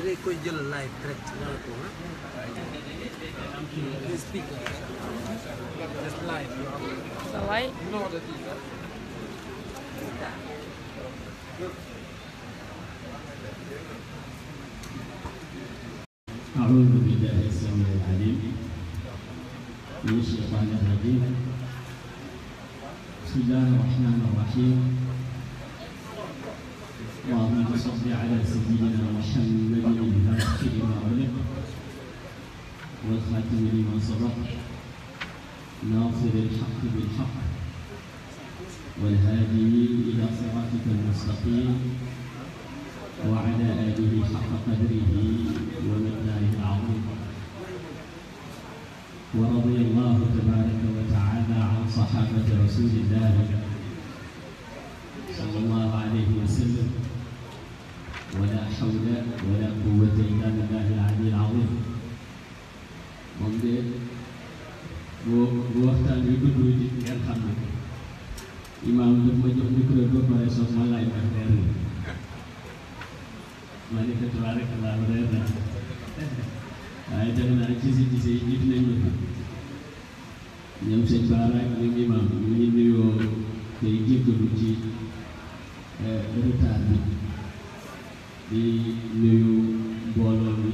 dangay koy jël live direct nga ko waay أعوذ بالله السميع العليم من الشيطان الرجيم بسم الله الرحمن الرحيم اللهم صل على سيدنا محمد الفاتح لما علم والخاتم لما سبق ناصر الحق بالحق والهادي إلى صراطك المستقيم وعلى آله حق قدره ومقداره العظيم ورضي الله تبارك وتعالى عن صحابة رسول الله صلى الله عليه وسلم xawla wala quwwata illa billahi al-ali al-azim moom de bu bu waxtaan bi gudd di ngeen xam ne imaam daf ma jox micro ba pare soog ma laaj ma reer la ma nekk tabaarakallah reer na waaye defe naa ci si gisee jiitu nañ ma fi ñoom sëñ Baara ak ñoom imaam ñu ngi nuyoo tey jéggalu ci retard bi di nuyu mbooloo mi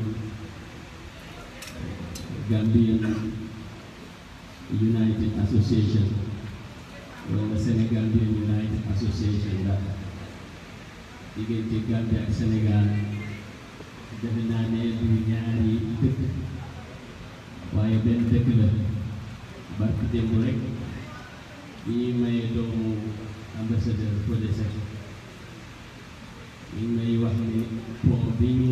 Gambian United Association wala Sénégambian United Association la diggante Gambie ak Sénégal defe naa ne du ñaari dëkk waaye benn dëkk la barki démb rek bi ñuy maye doomu ambassadeur Codé ñu ngi wax ni pont bi ñu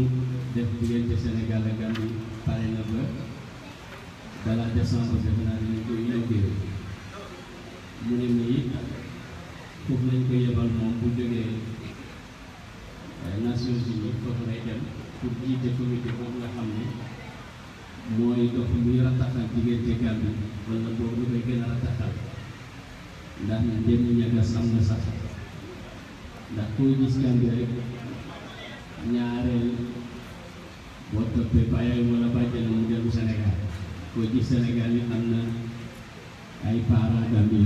def diggante Sénégal ak Gambie pare na ba balaa sa defe naa dinañ ko inauguré mu ne nii foofu lañ ko yebal moom bu jógee euh, Nations Unies foofu lay pour jiite comité boobu nga xam ne mooy dox muy rataxal diggante Gambie wala boobu dafay gën a rataxal ndax ndem ñagas am na sax ndax koo gis Gàmbi rek ñaareel boo toppee bàyyi wala bàjjale mu dellu Sénégal koo gis Sénégal yi am na ay parents Gàmbi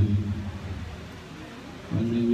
kon nag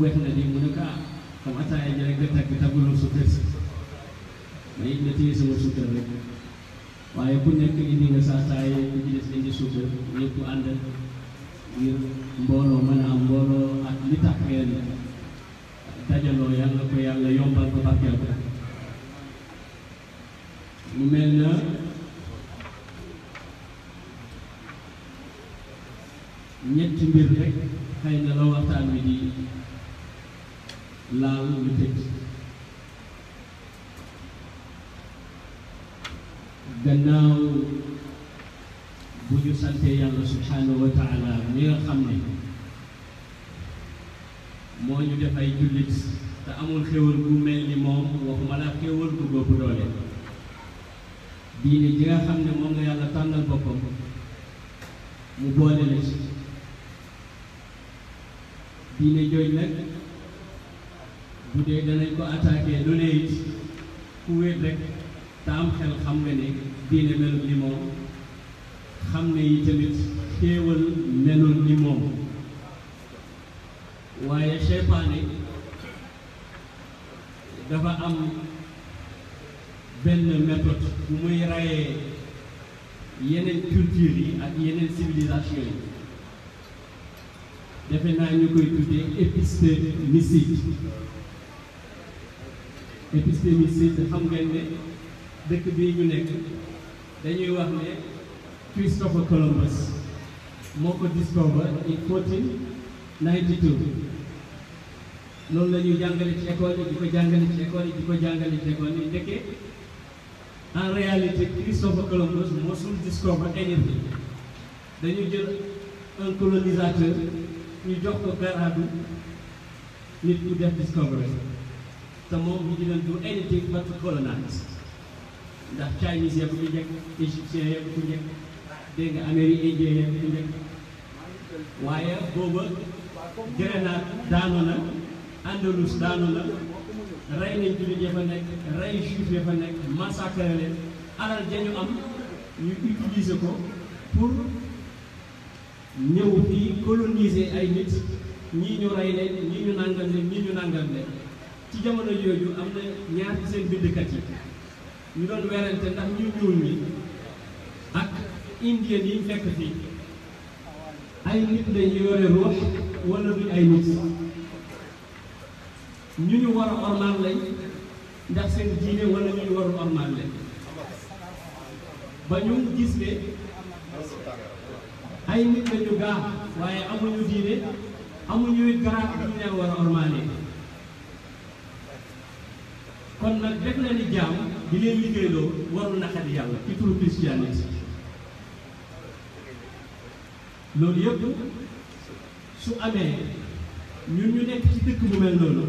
wet na lii mu ne ko ah comme ataaya ji rek nga teg teguloo suukar si ma it na téye sama suukar rek waaye ku nekk indi nga sa ataaya ku ci des indi suukar ñëpp ànd ngir mbooloo mën a mbooloo ak li tax ngeen dajaloo yàlla ko yàlla yombal ko barkeel ko mu mel na ñetti mbir rek xëy na la waxtaan wi di laal nga tëj gannaaw bu ñu sante yàlla subhaanahu wa taala nga xam ne moo ñu def ay jullit te amul xéwal bu mel ni moom waxuma la xéwal bu bopp doole diine ji nga xam ne moom nga yàlla tànnal boppam mu boole la ci diine jooju nag bu dee danañ ko attaqué lu ne it ku wéet rek te xel xam nga ne diine melul ni xam ne yi tamit xéewal melul ni waaye seytaane dafa am benn méthode bu muy rayee yeneen culture yi ak yeneen civilisation yi defe naa ñu koy tuddee épistémistique les islamistes xam ngeen ne dëkk bii ñu nekk dañuy wax ne Christopher Columbus moo ko discover in 1492 loolu la ñuy jàngale ci école yi di ko jàngale ci école yi di ko jàngale ci école yi ndekkee en réalité Christopher Columbus mosul discover anything dañu jël un colonisateur ñu jox ko garaadu nit ku def discovery te moom he didn't anything but to ndax Chinese yee bu ko njëkk Égyptiens yee bu dégg nga Amérique Indien yee bu waaye booba Grenade daanu na Andalus daanu na rey nañ jullit ya fa nekk rey juif ya fa nekk massacre leen alal dañu am ñu utiliser ko pour ñëw fii coloniser ay nit ñi ñu rey leen ñii ñu nangal leen ci jamono yooyu am na ñaar ci seen bindkat yi ñu doon werante ndax ñu ñuul ñi ak indien yi fekk fii ay nit lañu yore ruux wala duñ ay nit ñu ñu war a ormaal lañ ndax seen diine wala ñu ñu war ba ñu gis ne ay nit lañu gaa waaye amuñu diine amuñu garaat ñu leen war a ormaalee kon nag def leen di jaam di leen liggéeyloo warul naqari yàlla ci turu christianisme loolu yëpp su amee ñu ñu nekk ci dëkk bu mel noonu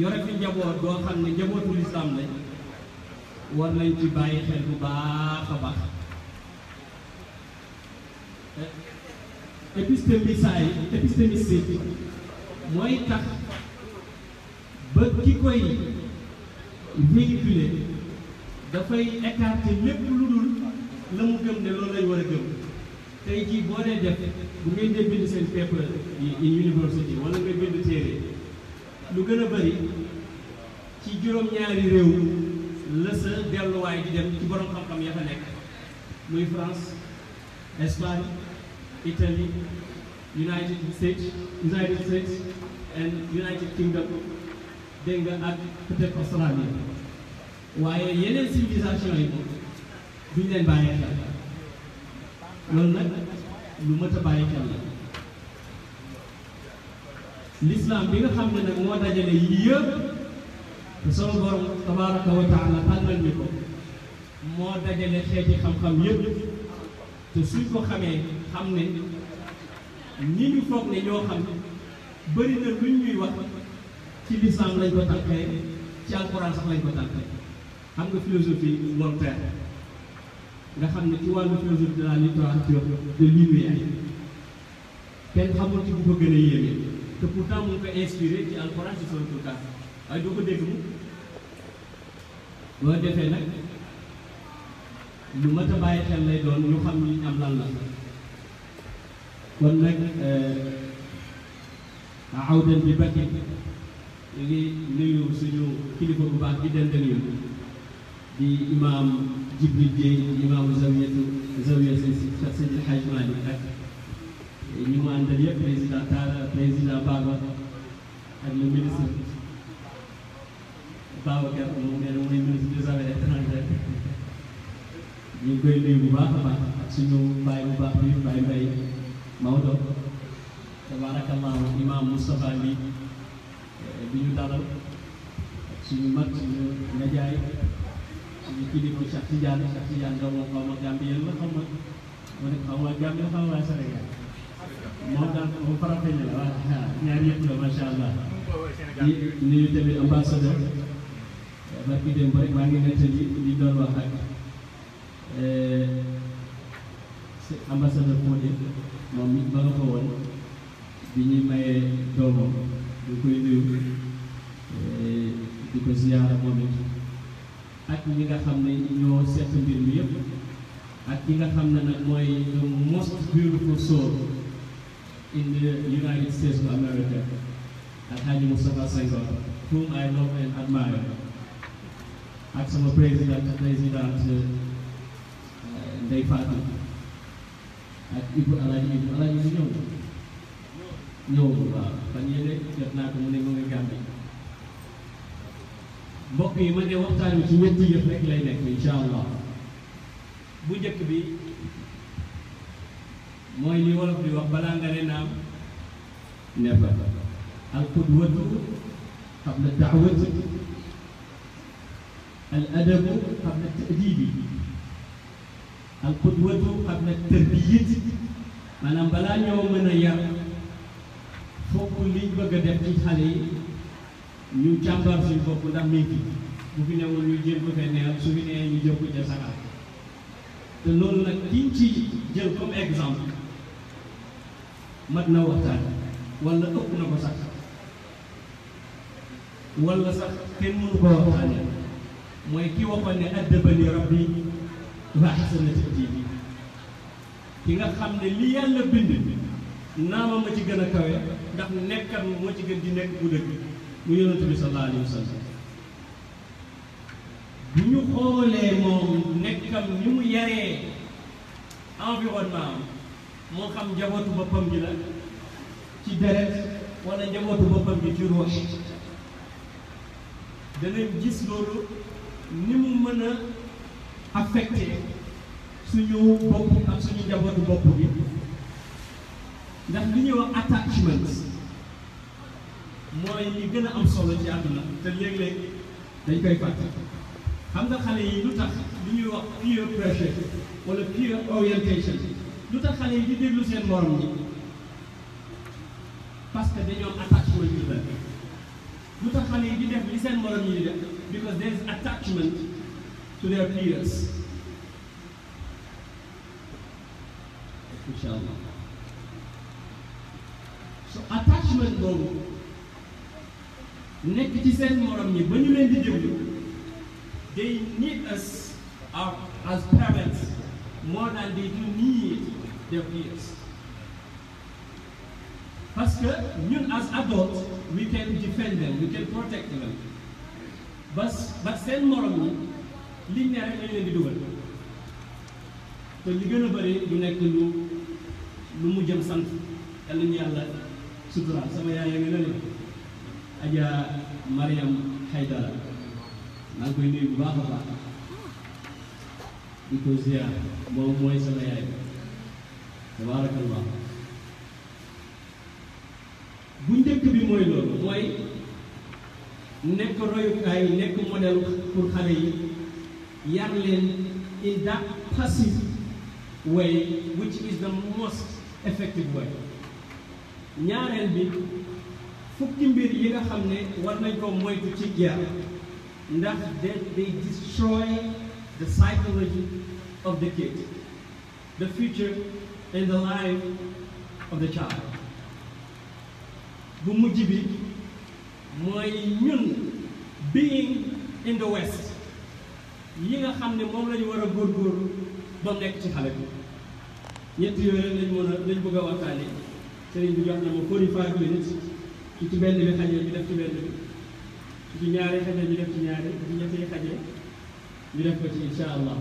yore fi njaboot boo xam ne njabootu lislaam lañ war nañ ci bàyyi xel bu baax a baax épistémisaay épistémicité mooy tax ba ki koy véhiculer dafay écarter lépp lu dul la mu gëm ne loolu lañ war a gëm tey jii boo dee def bu ngeen dee bind seen paper yi university wala nga bind téere lu gën a bëri ci juróom-ñaari réew la sa delluwaay di dem ci borom xam-xam ya fa nekk muy France Espagne Italie United States United States and United Kingdom dégg nga ak peut-être Australie waaye yeneen civilisation yi duñ leen bàyyi xel loolu nag lu mët a xel la l'islam bi nga xam ne nag moo dajale yii yëpp te sama borom tabaraka wa taala tànnal ñu ko moo dajale xeeti xam-xam yëpp te suñ ko xamee xam ne ñi ñu foog ne ñoo xam bëri na luñ ñuy wax ci lislaam lañ ko tànkee ci alxuraan sax lañ ko tànkee xam nga philosophie Voltaire nga xam ne ci wàllu philosophie de la littérature de lumière kenn xamul ci bu ko gën a yéeme te pourtant mu ngi ko inspiré ci alxuraan ci son tout cas waaye doo ko dégg mu loo defee nag lu mat a bàyyi xel lay doon ñu xam ni am lan la kon nag euh, awdan bi bakki ñu ngi nuyu suñu kilifa bu baax bi dend ak ñun di imaam Jibril Dieye di imaamu zawiyatu zawiyatu Seydi El Hadji Malick ak ñi mu àndal yëpp président Talla président Baba ak le ministre Babacar moom nee na mooy ministre des affaires étrangères ñu ngi koy nuyu bu baax a baax ak suñu bàyyi bu baax bi bàyyi mbay Maodo tabarakallahu bi ñu dalal suñu mag suñu najaay suñu kilifa Cheikh Tidiane Cheikh Tidiane da moom xaw ma Gambien la xaw ma ma ne xaw ma Gambien ma Sénégal ah, allah di nuyu tamit ambassadeur barki démb rek maa ngi nettali li doon wax ak eh, ambassadeur Fodé moom ñu koy nuyu di ko ziyaara moom it ak ñi nga xam ne ñoo seet mbir mi yëpp ak ñi nga xam ne nag mooy the most beautiful soul in the United States of America Alhaji Moustapha Senghor whom I love and admire ak sama président président euh, Ndeye Fatou ak Ibou Alhaji Ibou Alhaji ñëw ñëw waaw fan yële jot naa ne mu ngi gàmbi mbokk yi ma ne waxtaan wi ci ñetti yëf rek lay nekk incha allah bu njëkk bi mooy li wolof di wax balaa nga ne naam ne fa al qudwatu qabla daawati al adabu qabla ta'dibi al qudwatu qabla maanaam balaa ñoo mën a yar foofu liñ bëgg a def ci xale yi ñu càmbar suñu bopp ndax mi ngi bu fi newul ñu jël ko fee su fi nee ñu exemple mat na waxtaan wala ëpp na ko sax wala sax kenn mënu ko waxtaane mooy ki waxoon ne addabani rabbi wa hasanati bi ki nga xam ne li yàlla bind naama ma ci gën a kawe ndax nekkam moo ci gën di nekk bu dëgg mu yonent bi sallallahu alayhi wa sallam bu ñu xoolee moom nekkam ni mu yaree environnement am moo xam njabootu boppam bi la ci deret wala njabootu boppam bi ci ruux danañ gis loolu ni mu mën a affecté suñu bopp ak suñu njabootu bopp bi ndax li ñuy wax attachment mooy li gën a am solo ci àdduna te léeg-léeg dañ koy fàtte xam nga xale yi lu tax li ñuy wax peer pressure wala peer orientation lu tax xale yi di déglu seen morom ñi parce que dañoo attachment ñu la lu tax xale yi di def li seen morom ñi di def because there is attachment to their peers incha su attachment boobu nekk ci seen morom ñi ba ñu leen di déglu they need us our as parents more than they do need their peers parce que ñun as adults we can defend them we can protect them bas ba seen morom ñi liñ ne rek lañ leen di dugal te li gën a du nekk lu lu mu jëm sant yàlla ñu yàlla sutura sama yaay yaa ngi lële Adja Mariam Haydara koy nuyu bu baax a baax di ko ziar moom mooy sama yaay tabaarakallah bu njëkk bi mooy loolu mooy nekk royukaay nekk modèle pour xale yi yar leen in that passive way which is the most effective way ñaareel bi fukki mbir yi nga xam ne war nañ ko moytu ci guerre ndax de they destroy the psychology of the kid the future and the life of the child bu mujj bi mooy ñun being in the west yi nga xam ne moom la war a góorgóorlu ba mu nekk ci xale bi ñett yooyu lañ mën a lañ bëgg a waxtaanee sëriñ bi jox na ma 45 minutes su ci benn bi xajee ñu def ci benn bi su ci ñaari xajee ñu def ci ñaari su ci ñetti xajee ñu def ko ci incha allah.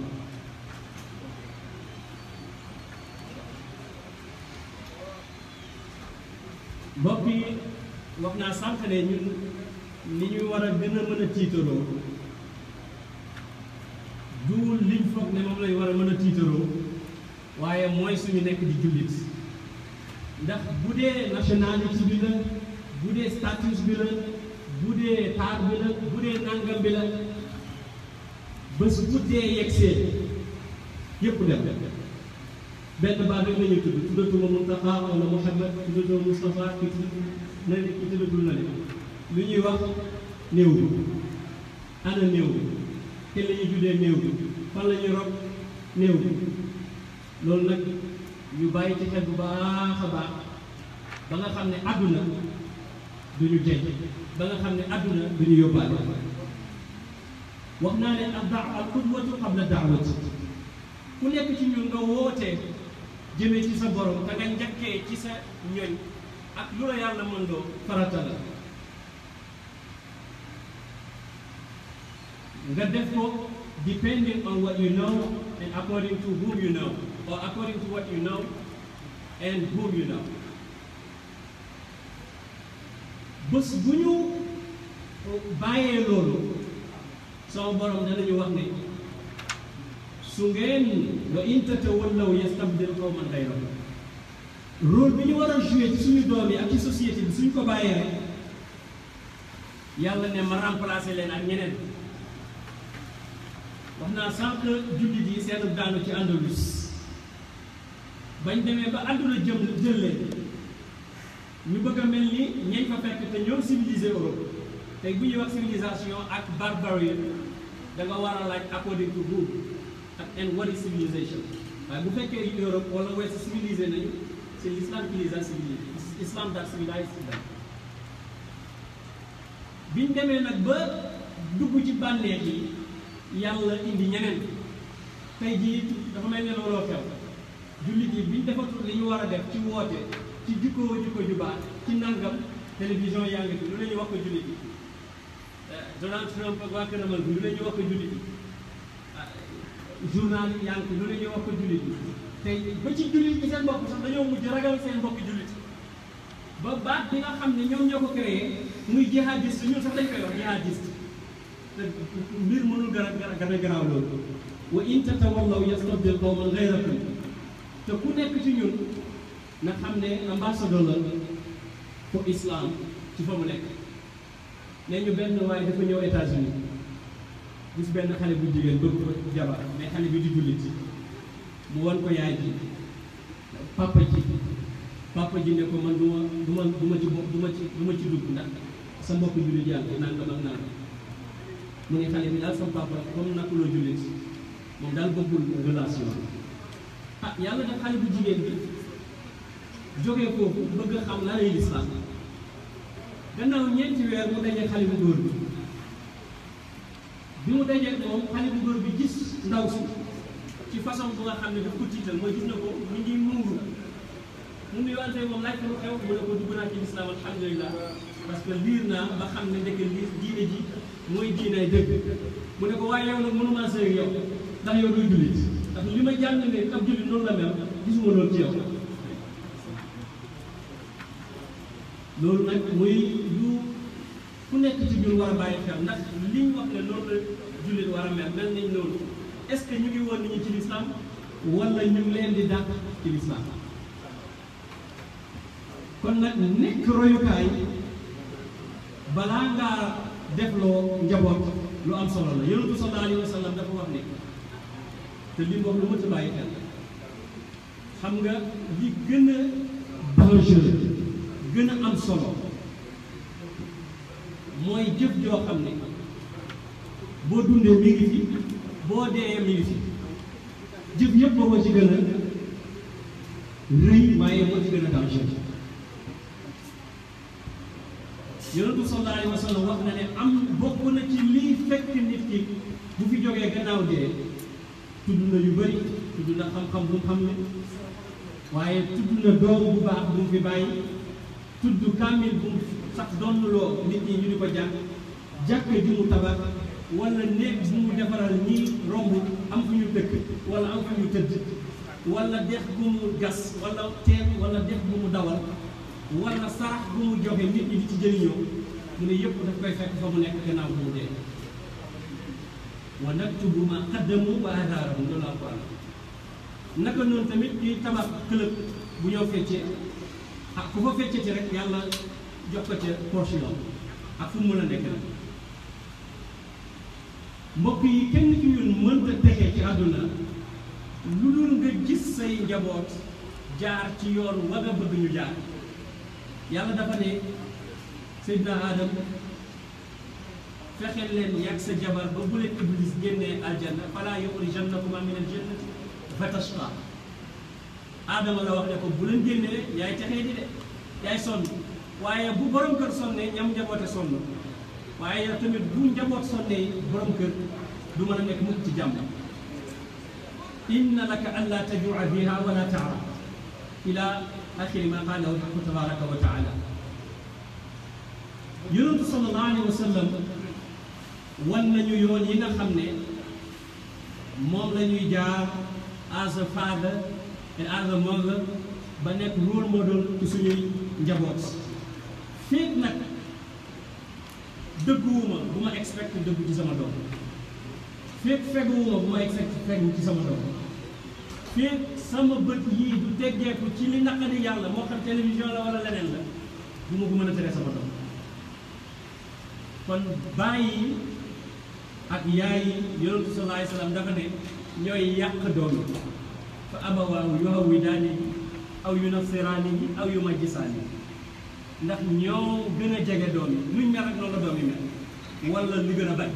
mbokk yi wax naa sànq ne ñun li ñu war a gën a mën a tiitaroo duul liñ foog ne moom lañ war a mën a tiitaroo waaye mooy suñu nekk di jullit. ndax bu dee nationalité bi la bu dee status bi la bu dee taar bi la bu dee nangam bi la bés bu dee yegsee yépp dem benn baat rek la tudd tuddatuma Muntaqa wala Muhammad tuddatuma Moustapha ki na ne ki tuddatul na ne lu ñuy wax néew bi ana néew bi te la ñuy néew bi fan ñuy rob néew bi loolu nag ñu bàyyi ci xel bu baax a baax ba nga xam ne àdduna du ñu denc ba nga xam ne àdduna du ñu yóbbaale wax naa ne ak daaw al qudwatu qabla daawati ku nekk ci ñun nga wootee jëmee ci sa borom da nga njëkkee ci sa ñoñ ak lu la yàlla mën loo farata la nga def ko depending on what you know and according to whom you know or according to what you know and whom you know bés bu ñu bàyyee loolu sama borom danañu wax ne su ngeen wa in tatawallaw yastabdil qawman ghayrakum rôle bi ñu war a joué suñu doom yi ak ci bi suñ ko bàyyee yàlla ne ma remplacer leen ak ñeneen wax naa sànq jullit yi seen daanu ci Andalus bañ demee ba àdduna jëm jël leen ñu bëgg a mel ni ñañ fa fekk te ñoom civilisé Europe tey bu ñu wax civilisation ak barbarie da war a laaj according to who ak and what is civilization waaye bu fekkee Europe wala West civilisé nañu c'est l'islam qui les a civilisés islam daal civilise daal biñ demee nag ba dugg ci bànneex yi yàlla indi ñeneen tey jii dafa mel ne looloo xew jullit yi biñ defatul li ñu war a def ci woote ci jukkoo jukko jubaa ci nangam télévision yaa ngi fi lu la ñu wax ko jullit yi eh, Donald Trump ak waa këramal bi lu la ñu wax ko jullit yi eh, journal yi yaa ngi fi lu la ñu wax ko jullit yi te ba ci jullit yi seen bopp sax dañoo mujj ragal seen bopp jullit ba baat bi nga xam ne ñoom ñoo ko créé muy jihadiste ñun sax dañ koy wax jihadiste te mbir mënul gën a gën a gën a garaaw loolu wa in tatawallaw yastabdil qawman ghayrakum te ku nekk ci ñun na xam ne ambassadeur la pour islam ci fa mu nekk nee ñu benn waaye dafa ñëw États-Unis gis benn xale bu jigéen bëgg jabar mais xale bi di jullit mu wan ko yaay ji papa ji papa ji ne ko man du ma du ma ma ci ma ma ci dugg ndax sa mbokk jullit yàlla nangam ak nangam mu ne xale bi daal sama papa comme naka loo jullit moom daal bëggul relation ah yàlla def xale bu jigéen bi jógee foofu bëgg a xam lan lay lislaam gannaaw ñeenti weer mu dajee xale bu góor bi bi mu dajee moom xale góor bi gis ndaw si ci façon bu nga xam ne daf ko tiital mooy gis na ko mu ngi muuru mu ngi wante moom laaj ko lu xew mu ne ko dugg naa ci lislaam alhamdulilah parce que liir naa ba xam ne ndeke liir diine ji mooy diine dëgg mu ne ko waaye yow nag mënumaa sëy yow ndax yow duy jullit ndax li ma jàng ne ab jullit noonu la loolu ci yow loolu nag muy lu ku nekk ci ñun war a bàyyi xel ndax li wax ne loolu jullit war a mel mel nañ loolu est-ce que ñu ngi woon nit ñi ci lislaam wala ñu leen di dàq ci lislaam kon nag nekk royukaay balaa ngaa defloo njaboot lu am solo la yonent bi sallallahu alayhi wa sallam dafa wax ne te li mu lu ma ci bàyyi xam nga li gën a dangereux gën a am solo mooy jëf joo xam ne boo dundee mi ngi boo dee mi ngi jëf yëpp ba ma ci gën a rëy waaye moo ci gën a dangereux yonent bi sallallahu alayhi wax na ne am bokk na ci liy fekk nit ki bu fi jógee gannaaw dee tudd na yu bëri tudd na xam-xam bu mu xam ne waaye tudd na doom bu baax bu mu fi bàyyi tudd kaamil bu mu sax donnloo nit ñi ñu di ko jàng jàkk ji mu tabax wala néeg bu mu defaral ñi romb am fu ñu tëdd wala dex bu mu gas wala teen wala dex bu mu dawal wala sarax bu mu joxe nit ñi di ci jëriñoo mu ne yëpp daf fekk fa mu nekk gannaaw bu mu dee wa naktubu ma qaddamu wa athaarahum loolu la ko am naka noonu tamit ñuy tabax club bu ñoo feccee ah ku fa feccee rek yàlla jox ko ca portion ak fu mu mën a nekk mbokk yi kenn ci ñun mënta texe ci àdduna lu dul nga gis say njaboot jaar ci yoon wa nga bëgg ñu jaar yàlla dafa ne Seydina Adam fexeel leen yàgg sa jabar bu leen iblis génnee aljanna falaa yuxrijannakuma min aljannati fatashqa aadama la wax ne ko bu leen génnee yaay texee di de yaay sonn waaye bu borom kër sonnee ñam njaboote sonn waaye yow tamit bu njaboot sonnee du mën a nekk mukk inna laka an laa tajua biha wala taara ila axiri ma qaalahu tabaraka wa taala yonentu sallallahu alayhi wa sallam wan nañu yoon yi nga xam ne moom la ñuy jaar as a father and as a mother ba nekk rôle model ci suñuy njaboot féet nag dëgguwuma bu ma expect dëggu ci sama doom féet feguwuma bu ci sama sama bët yi du teggeeku ci li naqari yàlla moo xam télévision la wala leneen la du ma ko mën a tere sama doom kon bàyyi ak yaay yi yonentu sallallahu alayhi wasallam dafa ne ñooy yàq doom fa abawaaw yuhawwidaani aw yunassiraani aw yumajjisaani ndax ñoo gën a jege doom yi nuñ mel ak noonu la doom yi mel wala lu gën a bañ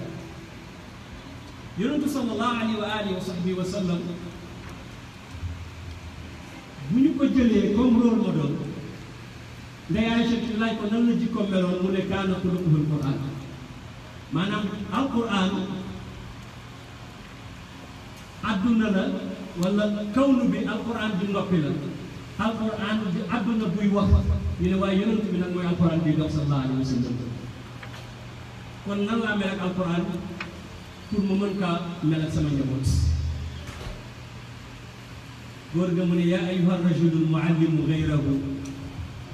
yonentu sallallahu alayhi wa alihi wa sahbihi wa sallam bu ñu ko jëlee comme rôle modèle ndey Aïcha laaj ko nan la jikko meloon mu ne kaana xuluquhul Qur'aan maanaam alquran adduna la wala kawnu bi alquran di noppi la alquran di adduna buy wax ñu ne waaye yonent bi nag mooy alquran bi dox sallallahu alayhi wa sallam kon nan laa mel ak alquran pour mu mën kaa mel ak sama njaboot góor ga mu ne yaa ayuha rajulu muallimu gayrahu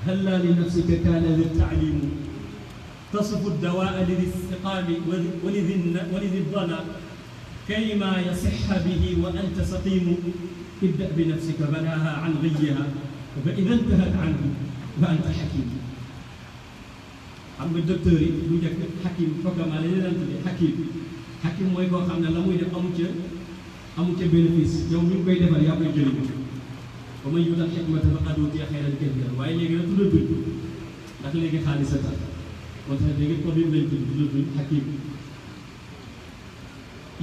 hal laa li nafsika kaana li taalimu تصف الدواء لذي السقام ولذي الظنا كيما يصح به وأنت سقيم ابدأ بنفسك بلاها عن غيها فإذا انتهت عنه فأنت حكيم xam nga docteur yi bu njëkk xakim programme la leen tuddee xakim xakim mooy koo xam ne la muy def amu ca amu ca bénéfice yow mi ngi koy defal yaa koy jëriñu ba may yuutal xikmata faqad uutiya xayran kasiiran waaye léegi nag tuddatul ndax léegi xaalis a tax moo tax dégg ngeen commune lañ tudd tuddul Hakim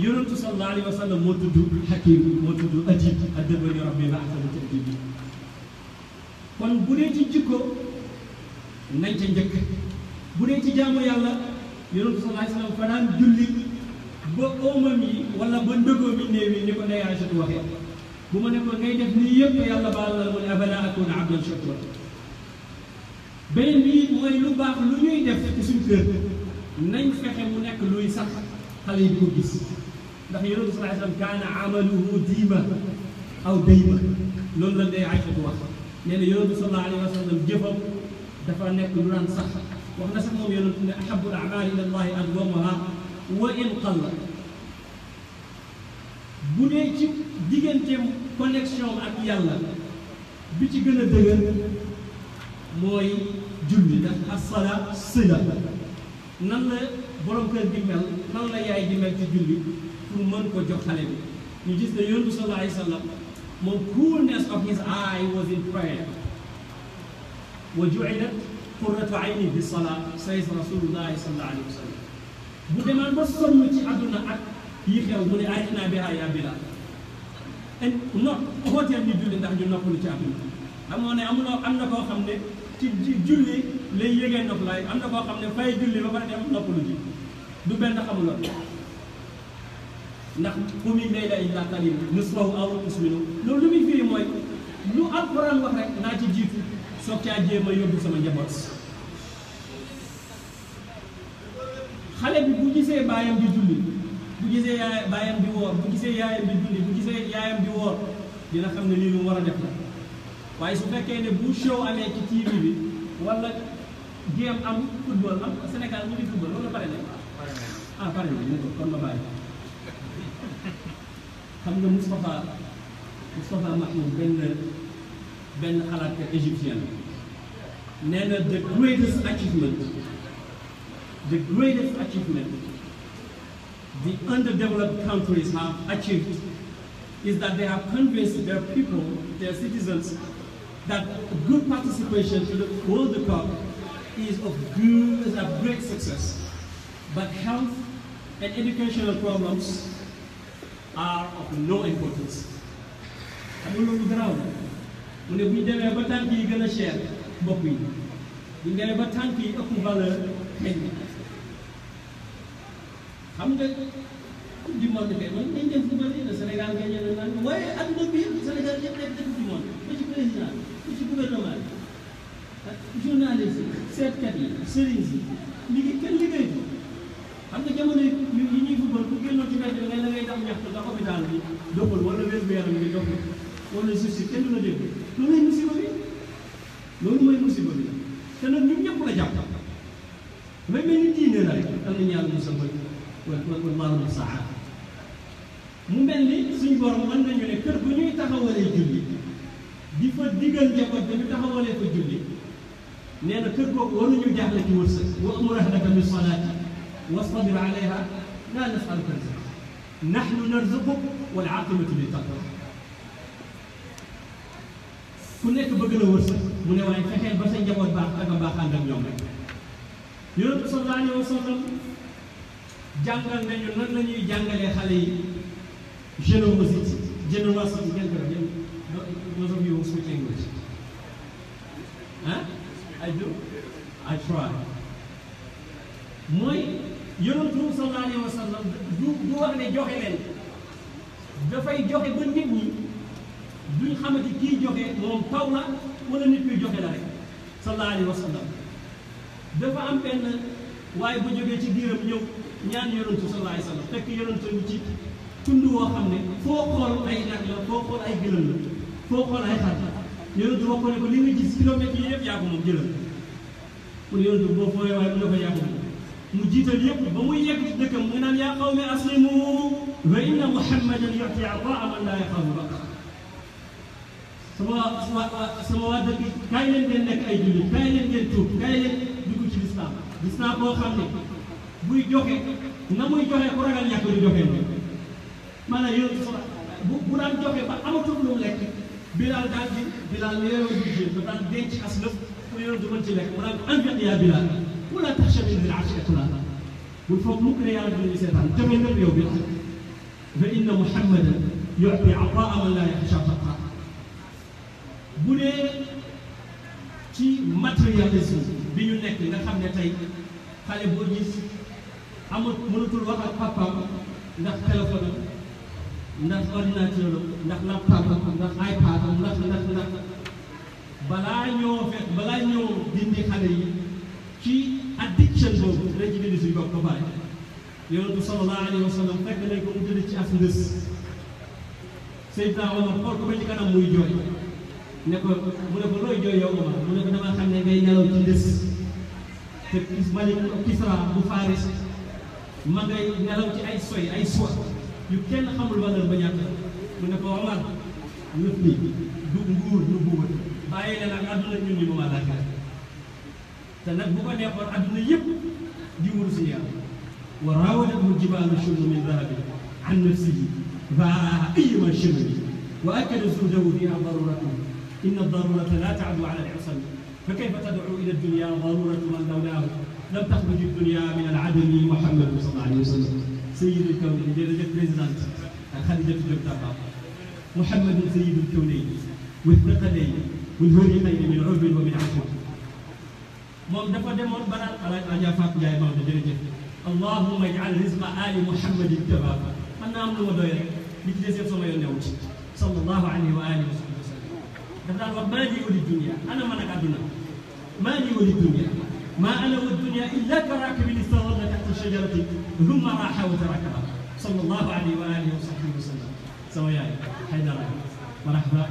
yonentu sallallahu alayhi wa sallam moo tudd Hakim moo tudd adib addaba li rabbi ba ahsana ta'dibi kon bu dee ci jikko nañ ca njëkk bu dee ci jaamu yàlla yonentu sallallahu alayhi wa sallam fa daan julli ba oomam yi wala ba ndëgoom yi néew yi ni ko Ndeye Aïssatou waxee bu ma ne ko ngay def nii yëpp yàlla baal la mu ne afala akuna abdan shakura beneen bi mooy lu baax lu ñuy def ci suñu kër nañ fexe mu nekk luy sax xale yi di ko gis ndax yonent bi sallallahu alayhi wa sallam kaana amaluhu diima aw dayma loolu lañ day Aysatu wax nee na yonent bi dafa nekk lu daan sax wax na sax moom yonent ne ahabbu al-a'maali ila llahi adwamuha wa in qalla bu dee ci digganteem connexion ak yàlla bi ci gën a mooy julli ndax asala sila nan la borom kër gi mel nan la yaay di mel ci julli pour mën ko jox xale bi ñu gis ne yonent bi sallallahu alayhi wa sallam moom coolness of his eye was in prayer wa ju'ilat qurratu ayni bi salaat sayyid rasulullahi sallallahu alayhi wa sallam bu demaan ba sonn ci àdduna ak yi xew mu ne arina biha ya bilal and no xooteel ñu julli ndax ñu noppalu ci àdduna xam nga ne amuloo am na koo xam ne ci julli lay yëgee noflaay am na koo xam ne fay julli ba pare dem noppalu ji du benn xamul ndax ku muy day day la kalim nusrahu aw tusminu lu muy firi mooy lu alquran wax rek naa ci jiitu soog caa jéem a yóbbu sama njaboot xale bi bu gisee baayam di julli bu gisee yaay baayam di woor bu gisee yaayam bi julli bu gisee yaayam di woor dina xam ne lii lu mu war a def la waaye su fekkee ne bu show amee ci TV bi wala game am football am Sénégal ñu ngi football loolu pare na ah pare na ne ko kon ma bàyyi xam nga Moustapha Moustapha Mahmoud benn benn xalaatkat égyptien nee na the greatest achievement the greatest achievement the underdeveloped countries have achieved is that they have convinced their people, their citizens, that good participation to the Cup is of a great success. But health and educational problems are of no importance. xam nga loolu garaaw na mu ne bu ñu demee ba tànk yi gën a cher mbokk yi bu ñu demee ba tànk yi ëpp valeur xeeñ bi xam nga coupe du monde kay man dañ dem football yi le Sénégal ngay ñëw naan waaye adduna bi yëpp Sénégal yëpp nekk coupe du monde ba ci président ba ci gouvernement si liggéey kenn liggéey ko xam nga jamono yi ñuy football bu génnoon ci mbedd ngay la ngay dam ñaxtu ndax hôpital bi doxul wala wér kenn du la dégg loolu na rek am na ñaar musal mooy wala wala maanaam saxaar suñ borom mën nañu ne kër bu ñuy taxawalee julli di fa digal njaboot bi ñu taxawalee fa julli ne na kër googu waruñu jaaxle ci wërsëg wa amur ahlaka bi salaati wastabir alayha laa nasaluka rizqa nahnu narzuquk wal aqibatu li taqwa ku nekk bëgg na wërsëg mu ne waaye fexeel ba sa njaboot baax ak a baax ànd ak ñoom rek yonent bi sallallahu alayhi wa sallam jàngal nañu nan la ñuy jàngalee xale yi generosity, generosity, welcome. Those of you who speak English. Huh? I do? I try. mooy yonentu sallallahu alayhi wa sallam du du wax ne joxe leen dafay joxe ba nit ñi duñ xamante kii joxe moom taw la wala nit kuy joxe la rek sallallahu alayhi wa sallam dafa am benn waaye bu jógee ci diiram ñëw ñaan yonentu sallallahu alayhi wa sallam fekk yonentu ci tund woo xam ne foo xool ay nag la foo xool ay gëlëm la foo xool ay xar ne ko li nga gis kilomètres yi yëpp yaa ko moom jëlal pour yonent bi boo fooyee waaye ne ko yaa ko moom mu jiital yëpp ba muy yegg ci mu naan yaa qawmi aslimu wa inna muhammadan yu'ti ataa man laa yaxaafu baqa sama sama waa dëkk kaay leen ngeen nekk ay jullit kaay leen ngeen tuub kaay leen dugg ci lislaam gis naa koo xam ne buy joxe na muy joxe ku ragal ñàkk du joxe maanaam yooyu bu bu daan joxe ba amatul lu mu lekk Bilaal daal di Bilaal yooyu bu jël ba daan denc as lëf pour yooyu du mën ci lekk mu daan anfiq yaa Bilaal wala taxsha min al-'arshi itlaaqa bul foog mu créé yàlla dinañu seetaan demee nag yow Bilaal fa inna Muhammadan yu'ti 'ataa'a man laa yaxsha faqra bu dee ci matérialisme bi ñu nekk nga xam ne tey xale boo gis amul mënatul wax ak papaam ndax téléphone ndax ordinateur ndax ndax ndax ndax balaa ñoo fekk balaa ñoo dindi xale yi ci addiction boobu dinañ ci dindi suñu bopp mu jëlee mu ne looy jooy yow Omar mu ne ko xam ne ngay nelaw ci ndës te Malik Kisra bu Faris ma ngay nelaw ci ay soy ay soie. yu kenn xamul valeur ba ñàkk mu ne ko Omar lépp ni du nguur nu buwat bàyyi leen ak adduna ñun ñu mu àllaaxira te nag bu ko neexoon adduna yëpp di wër si yàlla wa raawadathu jibaalu shiblu min dahabin an nafsihi fa araaha ayyuma shimabi wa akkada zuhdahu fiha daruratuhu inna darurata la taadu ala al-ihsan fa kayfa tad'u ila ad-dunya daruratu man lawlaahu lam taxruj ad-dunya min al-adami muhammadun sallallahu alayhi wa sallam sayyidul kawnayni jërëjëf présidente ak Khadijatu Diop Tamba Muhammadun sayyidul kawnayni wal faqadayni wal huriyatayni min urbin wa min ajam moom dafa demoon ba naan alaaj Adja Fatou Ndiaye Maodo jërëjëf allahumma ij'al rizqa ali muhammadin tabaaba man naa am lu ma doy rek li ci des yëpp sama yoon newu ci sallallahu alayhi wa alihi wa sallam daf daan wax maa lii wa li dunya ana man ak àdduna maa lii wa li dunya ما أنا والدنيا إلا كراكب استظل تحت الشجرة ثم راح وتركها صلى الله عليه وآله وصحبه وسلم سويان حيدر مرحبا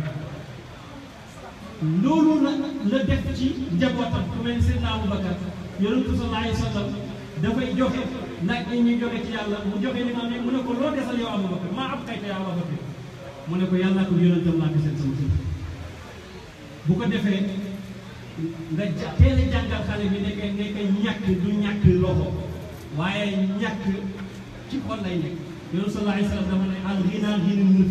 loolu la la def ci njabootam ku mel ni Seydina Aboubacar yonent bi sallallahu alayhi wa sallam dafay joxe nag ñi ñuy joxe ci yàlla mu joxe li ma ne mu ne ko loo desal yow Aboubacar maa ab xayta yaa Aboubacar mu ne ko yàlla ko yonentam laa desal sama bu ko defee. nga teel a jàngal xale bi nekk nekk ñàkk du waaye ñàkk ci xol lay nekk yoonu sallallahu alayhi wa sallam dafa ne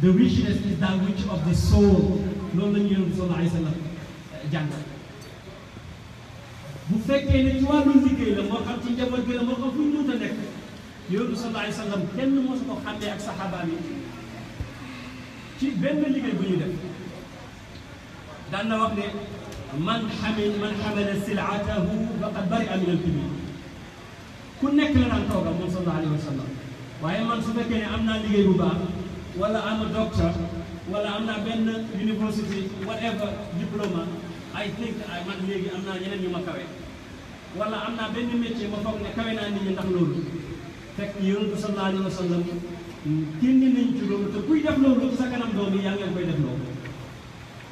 the richness is the rich of the soul loolu la ñu yoonu sallallahu alayhi wa sallam eh, jàngal bu fekkee ne ci wàllu liggéey la moo xam ci njaboot la moo xam fu ñu nekk yoonu sallallahu alayhi wa sallam kenn mosu ko ak saxaabaam yi ci benn liggéey bu ñu def daan na wax ne man xamil man xamala silaatahu a bari'a min al-kibr ku nekk la daan tooga moom sallallahu alayhi wa sallam waaye man su fekkee ne am naa liggéey bu baax wala am a docteur wala am naa benn university whatever diploma I think ay man léegi am naa ñeneen ñu ma kawe wala am naa benn métier ma foog ne kawe naa nit ñi ndax loolu fekk yonent sallallahu alayhi wa sallam mm, génne nañ ci loolu te kuy def loolu sa kanam doom yi yaa ngeen koy def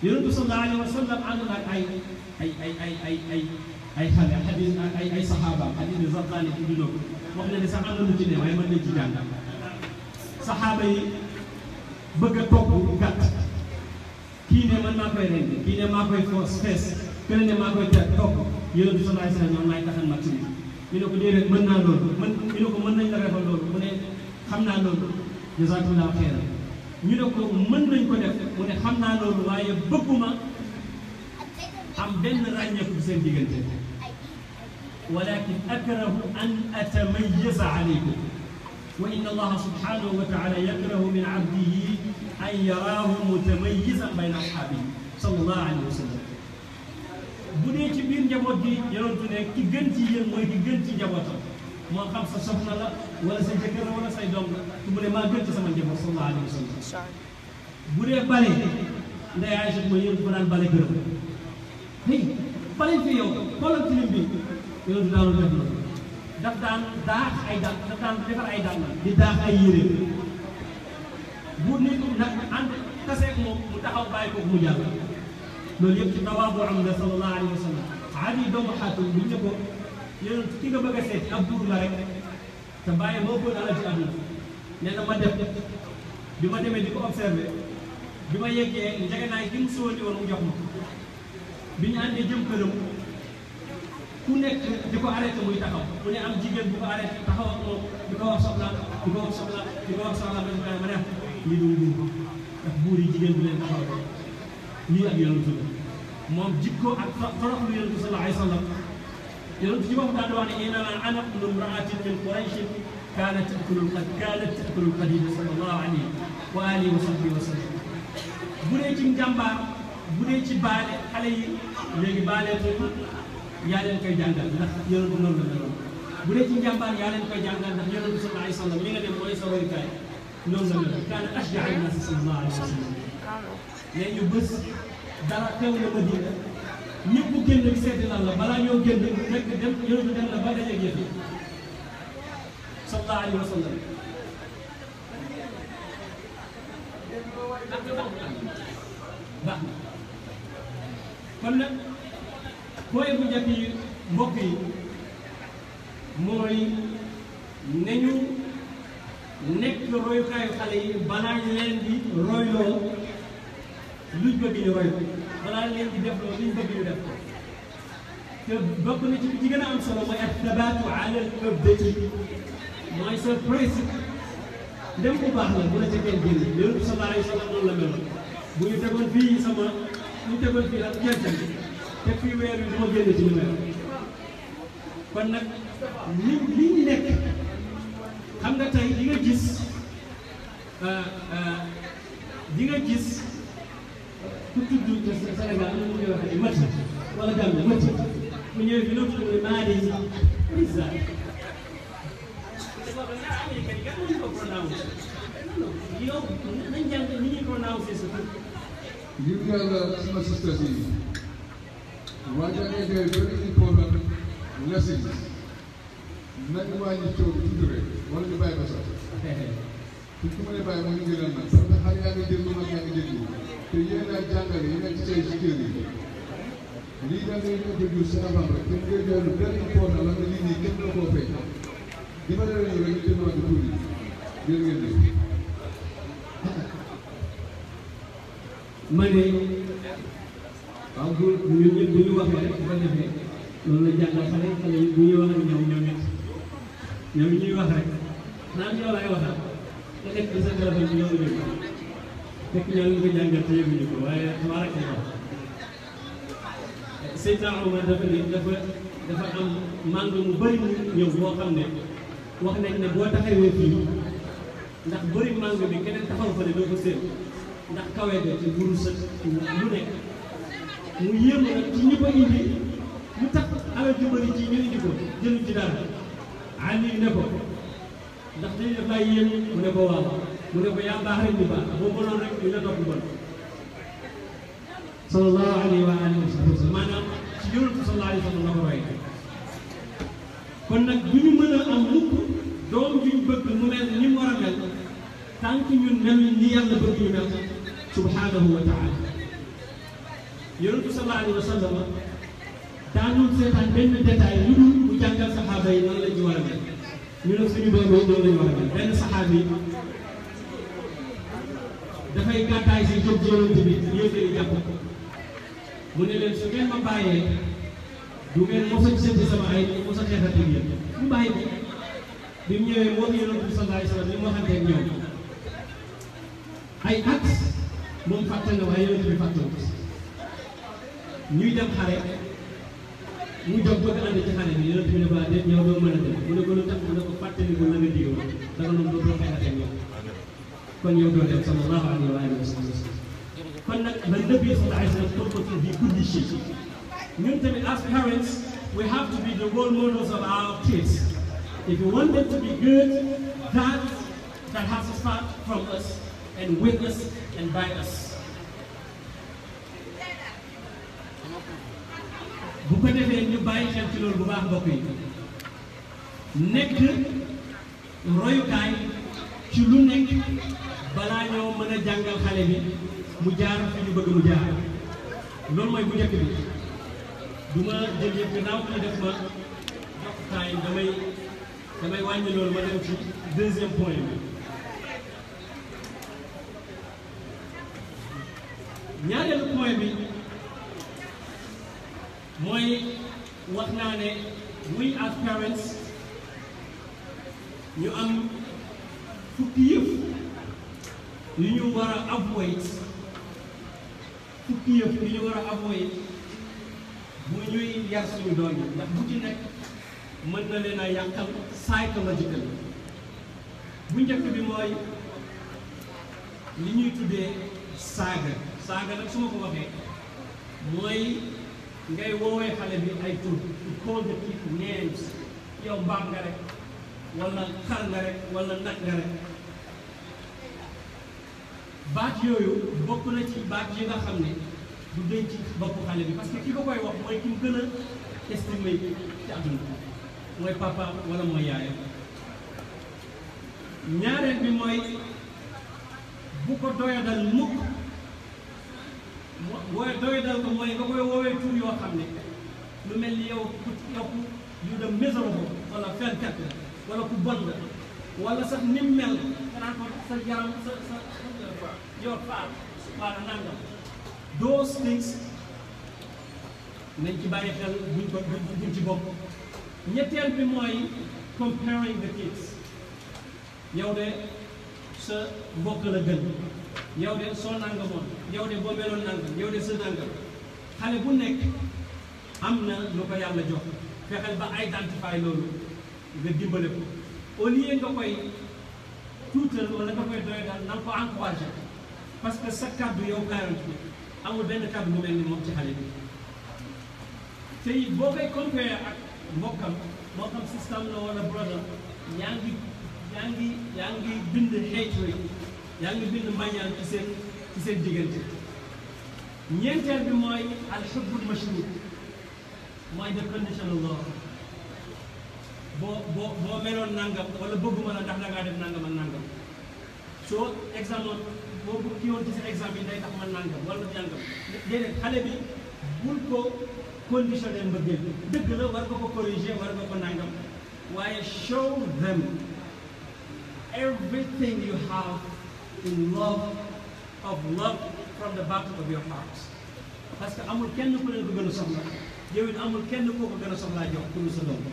yonent bi sallallahu alayhi wa sallam ànd na ak ay ay ay ay ay ay ay xale xadis ak ay ay saxaabaam xadis ne Zarqaani ci dundoo wax na ne sax am na lu ci ne waaye mën nañ ci jàng saxaaba yi bëgg a topp gàtt kii ne man maa koy rendi kii ne maa koy foos fees kële ne maa koy teg topp yonent bi sallallahu alayhi wa sallam ñoom laay taxan mag ci ñu ne ko déedéet mën naa loolu mën ñu ne ko mën nañ la refal loolu mu ne xam naa loolu jazaakumullaahu xayran ñu ne ko mën nañ ko def mu ne xam naa loolu waaye bëgguma am benn ràññeeku bi seen diggante walakin akrahu an atamayaza aleykum wa inna allaha subhanahu wa taala yakrahu min abdihi an yaraahu mutamayizan bayna ashaabihi sallallahu alayhi wa sallam bu dee ci biir njaboot gi yonentu ne ki gën ci yéen mooy ki gën ci njabootam moo xam sa soxna la wala sa jëkkër la wala say doom la te bu ne maa gën ci sama njaboot sallallahu alayhi wa sallam bu dee bale nday Aïcha mooy yéen ko daan bale gërëm hey bale fi yow xoolal ci lim bi yow du daawul def loolu daf daan daax ay daan daf daan defar ay daan di daax ay yére bu nit nag ànd taseeg moom mu taxaw bàyyi ko mu jàll loolu yëpp ci tawaabu am nga sallallahu alayhi wa sallam adi doomu xaatum bu ñu ne ko yonent ki nga bëgg a seet ab buur la rek te bàyyi moo koon alal ci àdduna nee na ma def bi ma demee di ko observé bi ma yeggee njegenaay gi mu sóoni woon mu jox ma bi ñu àndee jëm këram ku nekk di ko arrêté muy taxaw mu ne am jigéen bu ko arrêté taxaw ak moom di ko wax soxla di ko wax soxla di ko wax soxla ba ñu koy ma ne lii duñu buur ko ndax buur yi jigéen bu leen taxaw lii ak yonent la moom jikko ak torox lu yonent sallallahu alayhi wa sallam yonent ci moom daan wax ne inna ana ibnu imra'atin min quraysh kaanat ta'kulu kaanat ta'kulu al-hadida sallallahu alayhi wa alihi wa sahbihi wa sallam bu dee ci njàmbaar bu dee ci baale xale yi léegi baaleetuñu yaa leen koy jàngal ndax yonent bi noonu la meloon bu dee ci njàmbaar yaa leen koy jàngal ndax yonent bi sallallahu alayhi wa sallam li nga dem mooy sa royukaay noonu la meloon kaana ashja'a an-naas sallallahu alayhi wa sallam léegi ñu bés dara teew na Madina ñëpp génn bi seeti lan la balaa ñoo génn nekk dem yonent dem ba dajeeg yëf yi sallallahu alayhi wa sallam kon nag booye bu njëkk mbokk yi mooy nañu nekk royukaayu xale yi balaa ñu leen di royloo luñ bëgg ñu roy balaa leen di def loolu liñ bëgg ñu def ko te bokk na ci gën a am solo mooy at tabaatu al mabda'i mooy sa principe dem baax la bu la ca kenn génn loolu sallallahu alayhi wa sallam noonu la mel bu ñu tegoon sama bu ñu tegoon fii la jant bi te fii weer bi dama génn ci lu mel kon nag li li ñu nekk nga tey di nga gis euh, euh, di nga gis ku tudd Sénégal lu ñuy waxee mat wala Gambie mat mu ñëwee fi lépp mooy maadi président yow nañ jàng ni ñuy prononcé sa tur ngir yàlla sama sisters yi waajal ngay very important lesson nañ wàññi coow tuuti rek wala ñu bàyyi ba sax. suñ ko mënee bàyyi moo ñu gënal nag parce que xale yaa ngi déglu mag yaa ngi déglu te yéen ay jàngale yi nekk ci ay kër yi lii da ngay ñëw déglu si avant rek te mu ngi doon benn important la nga lii nii kenn la koo fay di ma dara ñëw rek ñu demande tuuti jërë ngeen jëf. ma ne waaw bu ñun ñëpp bu ñu waxee rek ba defee loolu la jàngal xale xale yi bu ñuy wax ak ñoom ñoom it ñoom ñuy wax rek naan yow laay waxal te nekk sa garab yi ñoo ngi fekk ñoo ngi ko jàngal te yëguñu ko waaye tabarakallah Seydina Omar dafa ni dafa dafa am màngo mu bëri mu ñëw boo xam ne wax nañ ne boo taxawee fii ndax bëri màngo bi keneen taxaw fa ne doo ko séen ndax kawe ga ci buru sa lu nekk mu yéem ci ñi ko indi lu tax alal ju ci ñu indi ko jëlu ci dara Ali ne ko ndax dañu def laa mu ne ko waaw mu ne ko yaa baax rek ñu baax boo bonoon rek ñu la topp bon sallallahu alayhi wa alihi wa sallam maanaam ci yonent sallallahu alayhi wa sallam la ko roy kon nag bu ñu mën a am mukk doom ju ñu bëgg mu mel ni mu war a mel tant que ñun mel ni yàlla bëgg ñu mel subhanahu wa taala yonent sallallahu alayhi wa sallam daanul seetaan benn détail lu dul mu jàngal saxaaba yi nan la ñu war a mel ñu ne suñu doom boobu noonu la ñu war a mel benn saxaaba yi dafay gàttaay si jëm yonent bi ñëw leen jàpp mu ne leen su ngeen ma bàyyee du ngeen mos a seeti sama ay mos a xeexati ngeen mu bàyyi ko bi mu ñëwee moom yonent bi sallallahu alayhi wasallam li mu waxanteeg ñoom ay at moom fàtte na waaye yonent bi fàtte ñuy dem xare mu jóg bëgg ànd ci xare bi yonent bi ne ba déet ñëw doo mën a dem mu ne ko lu tax mu ne ko fàttali ko la nga digoon danga noonu doo xeexateeg ñoom kon yow doo dem sallallahu alayhi wa alihi wa sallam kon nag ba nabi sallallahu alayhi wa sallam toog ko ci bi kulli shay ñun tamit as parents we have to be the role models of our kids if you want to be good that that start from us and with us and by us bu ko defee ñu bàyyi bu baax mbokk balaa ñoo mën a jàngal xale bi mu jaar fi ñu bëgg mu jaar loolu mooy bu njëkk bi du jël yëpp gannaaw bi def ma jox damay damay wàññi loolu ma dem ci point bi ñaareelu point bi mooy wax naa ne we as parents ñu am fukki yëpp yu ñu war a avoid fukki yëf yu ñu war a avoid bu ñuy yar suñu doom yi ndax bu ci nekk mën na leen a yàqal psychological bu njëkk bi mooy li ñuy tuddee saaga saaga nag su ma ko waxee mooy ngay woowee xale bi ay tur to call the kid names yow baax nga rek wala xar nga rek wala nag nga rek baat yooyu bokk na ci baat yi nga xam ne du denc bokk xale bi parce que ki ko koy wax mooy ki mu gën a estimé ci mooy papa wala moo yaayam ñaareel bi mooy bu ko doyadal mukk mooy nga koy woowee tur yoo xam ne lu mel ni yow ku yow ku yu dem mésérobo wala fenkat ku bon la wala sax nim mel xanaa ko sa yaram sa sa your part wala nangam those things nañ ci bari xel buñ ko buñ ci bopp ñetteel bi mooy comparing the kids yow de sa mbokk la gën yow de soo nangamoon yow de boo meloon nangam yow de sa nangam xale bu nekk am na lu ko yàlla jox fexeel ba identify loolu nga dimbale ko au nga koy tuutal wala nga koy doy daal na nga ko parce que sa kàddu yow Kaolack amul benn kàddu bu mel ni moom ci xale bi te it boo koy comparer ak mbokkam moo xam system la brother yaa ngi yaa ngi yaa ngi bind hatred yaa ngi bind mbañaan ci seen ci seen diggante ñeenteel bi mooy al xubbul mashruut mooy the condition of boo boo boo meloon nangam wala bëgguma la ndax dangaa def nangam ak nangam soo exemple moom bu kii woon ci sa exemple yi day tax nangam wala nangam déedéet xale bi bul ko conditionné mbëggeel dëgg la war nga ko corriger war nga ko nangam waaye show them everything you have in love of love from the bottom of your heart parce que amul kenn ku leen ko gën a soxla yow it amul kenn ko gën a soxlaa jox pour sa doom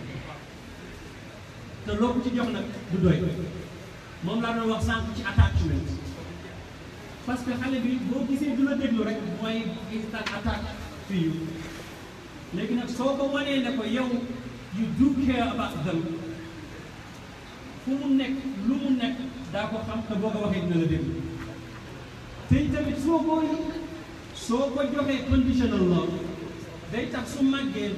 te loo ko ci jox nag du doy moom laa doon wax sànq ci attachment parce que xale bi boo gisee du la déglu rek mooy instant attaque to you léegi nag soo ko wanee ne ko yow you do care about them fu mu nekk lu mu nekk daa ko xam te boo ko waxee dina la déglu te tamit soo ko soo ko joxee conditional love day tax su màggee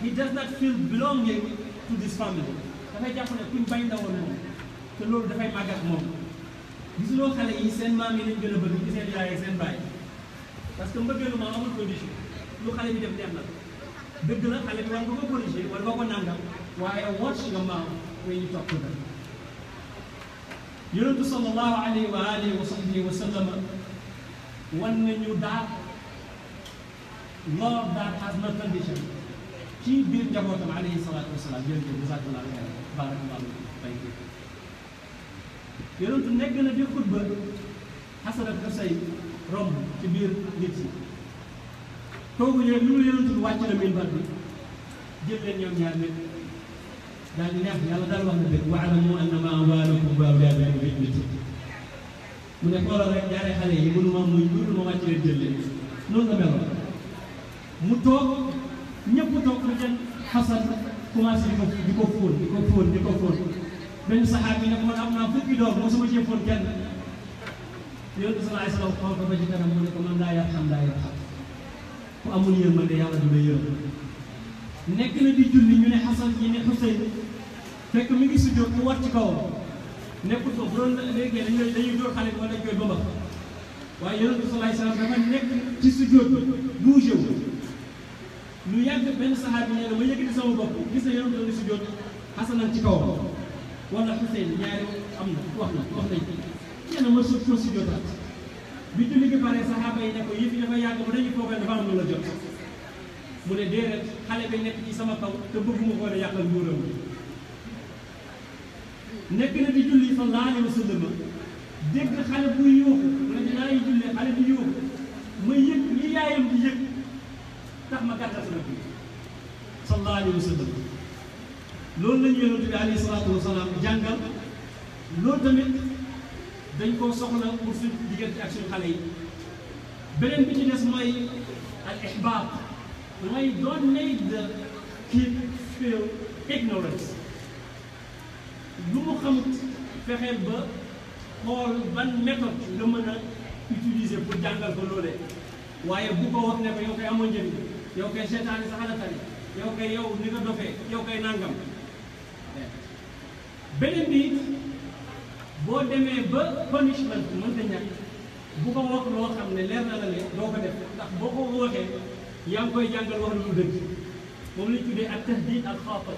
he does not feel belonging to this family dafay jàpp ne kuñ bañ la woon moom te loolu dafay màggat moom gisuloo xale yi seen maam yi lañ gën a bëgg ci seen yaay seen baay parce que mbëggeelu maam amul condition lu xale bi def def na dëgg la xale bi war nga ko corrigé wala nga ko nangam waaye watch nga maam way ñu topp la yonentu sallallahu alayhi wa alihi wa sahbihi wa sallama wan nañu daat love that has no condition ci biir njabootam alayhi salatu wasalaam jërëjëf jazakallahu xeyran barakallahu thank you yonentu nekk na di xutba xasarat dafay romb ci biir nit yi toogu ñoom ñu ngi yonentu bi wàcc na minbar bi jël leen ñoom ñaar nekk daal di neex yàlla daal wax na dëgg waalamu annama amwaalukum wa awlaadukum fitnatun mu ne xoolal rek ñaari xale yi mënu ma muy mënu ma wàcc leen jël leen noonu mu toog ñëpp toog lu jël xasar commencé di ko di ko fóon ko fóon benn saxaab bi ne ko am naa fukki doom mosuma jëfoon kenn yonent bi salaay salaam xool ko ba ci kanam mu ne ko man laa yarxam laa yarxam ku amul yàlla du la yërëm nekk na di julli ñu ne Xasan ñi ne Xuseyn fekk mi ngi sujjóot mu war ci kawam nekkul ko bu doon léegi dañuy dañuy dóor xale bi wala nekk ci sujjóot bougé wu lu yàgg benn saxaab bi nee na ma yëkkati sama bopp gis na yonent bi sujjóot Xasan ci kawam wala Xuseen ñaari am na wax na wax nañ nee na ma suuf suuf si jotaat bi julli gi pare yi ne ko yëf yi dafa yàgg ba dañu foogee dafa am lu jot mu ne déedéet xale bi nekk ci sama kaw te bëgguma koo ne yàqal nguuram nekk na di julli sallallahu alayhi wa dégg xale bu yuuxu wala dinaa yi jullee xale bi yuuxu ma yëg li yaayam di yëg tax ma gàttal sama bi sallallahu alayhi wa loolu la ñu yonent bi alayhi salaatu wasalaam jàngal loolu tamit dañ koo soxla pour suñ diggante ak suñ xale yi beneen bi ci des mooy al ihbaab mooy doon nay the ignorance lu mu xam fexeel ba xool ban méthode la mën a utiliser pour jàngal ko loolee waaye bu ko wax ne yow koy amoo njëriñ yow koy seetaani sa xalatari yow koy yow ni nga dofee yow koy nangam beneen bi boo demee ba punishment mënta ñàkk bu ko wax loo xam ne leer na la ne doo ko def ndax boo ko waxee yaa ngi koy jàngal wax lu dëgg moom lañ tuddee ak tahdid ak xaafa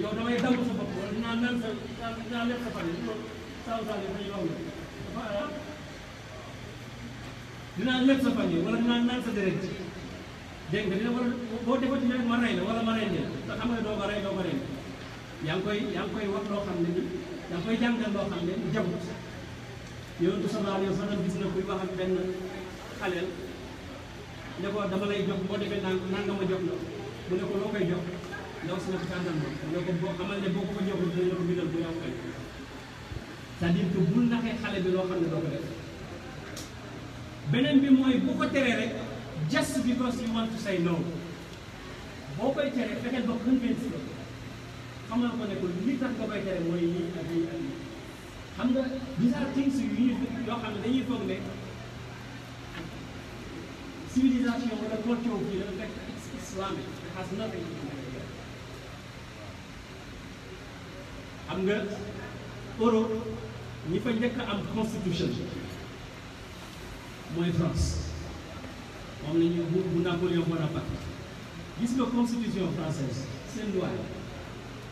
yow damay dàmb sa bopp wala dinaa naan sa dinaa lekk sa fan yi loolu saaw saaw yi dañuy wax la dafa araam dinaa lekk sa fan yi wala dinaa naan sa deret dégg nga dina war boo defati rek ma rey la wala ma rey la te xam nga doo ko rey doo ko rey yaa ngi koy yaa ngi koy wax loo xam ne ni yaa koy jàngal loo xam ne jabut yonentu sallallahu alayhi wa sallam gis na kuy wax ak benn xaleel ne dama lay jox boo defee naan nanga ma jox la mu ne loo koy jox ne ko tànnal ma mu ne ko boo xamal ne boo ko ko joxul dina la ko bindal bu yow kay c'est-à-dire que naxee xale bi loo xam ne doo ko def beneen bi mooy bu ko teree rek just because you want to say no boo koy teree fexeel ba convaincre xamal ko ne ko li tax nga koy tere mooy lii ak lii ak lii xam nga bizarre things yu ñuy yoo xam ne dañuy foog ne civilisation wala culture bi la fekk islamic has nothing to do with it xam nga Europe ñi fa njëkk a am constitution mooy France moom la ñuy bu Napoléon Bonaparte gis nga constitution française seen loi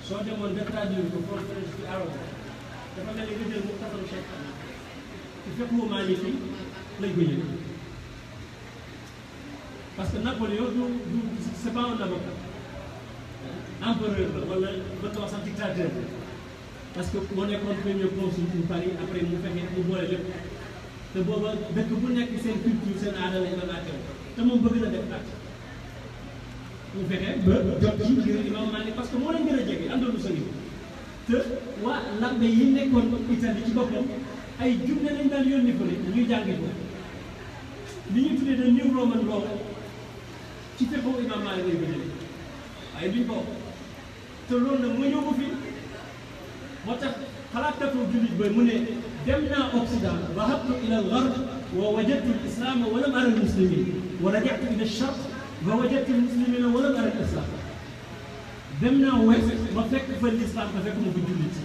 soo demoon ba traduire ko conférence bi arab dafa mel ni nga jël mu taxaw Cheikh Ahmed ci fépp moment yi fii lañ ko yëg parce que Napoléon du du c'est pas un avocat empereur la wala mën nga wax sax dictateur la parce que moo nekkoon premier consul pour Paris après mu fexe mu boole lépp te booba dëkk bu nekk seen culture seen aada lañ mën a teew te moom bëgg na def tàcc ñu fexe ba jot ci ngir imam parce que moo leen gën a jege àndoonu sa niveau te waa lambe yi nekkoon Italie ci boppam ay junne lañ daan yónni ko ne ñuy jàngi ko li ñu tuddee de new roman law ci fekkoon imam Malik lay gënale waaye duñ ko te loolu nag moo ñëw ko fii moo tax xalaat takoo jullit ba mu ne dem naa Occident wahabtu ila al-gharb wa wajadtu islam wa lam ara al-muslimin wa raja'tu ila al ووجدت المسلمين ولم أرى الإسلام dem naa west ma fekk fa lislaam te fekk mu fa jullit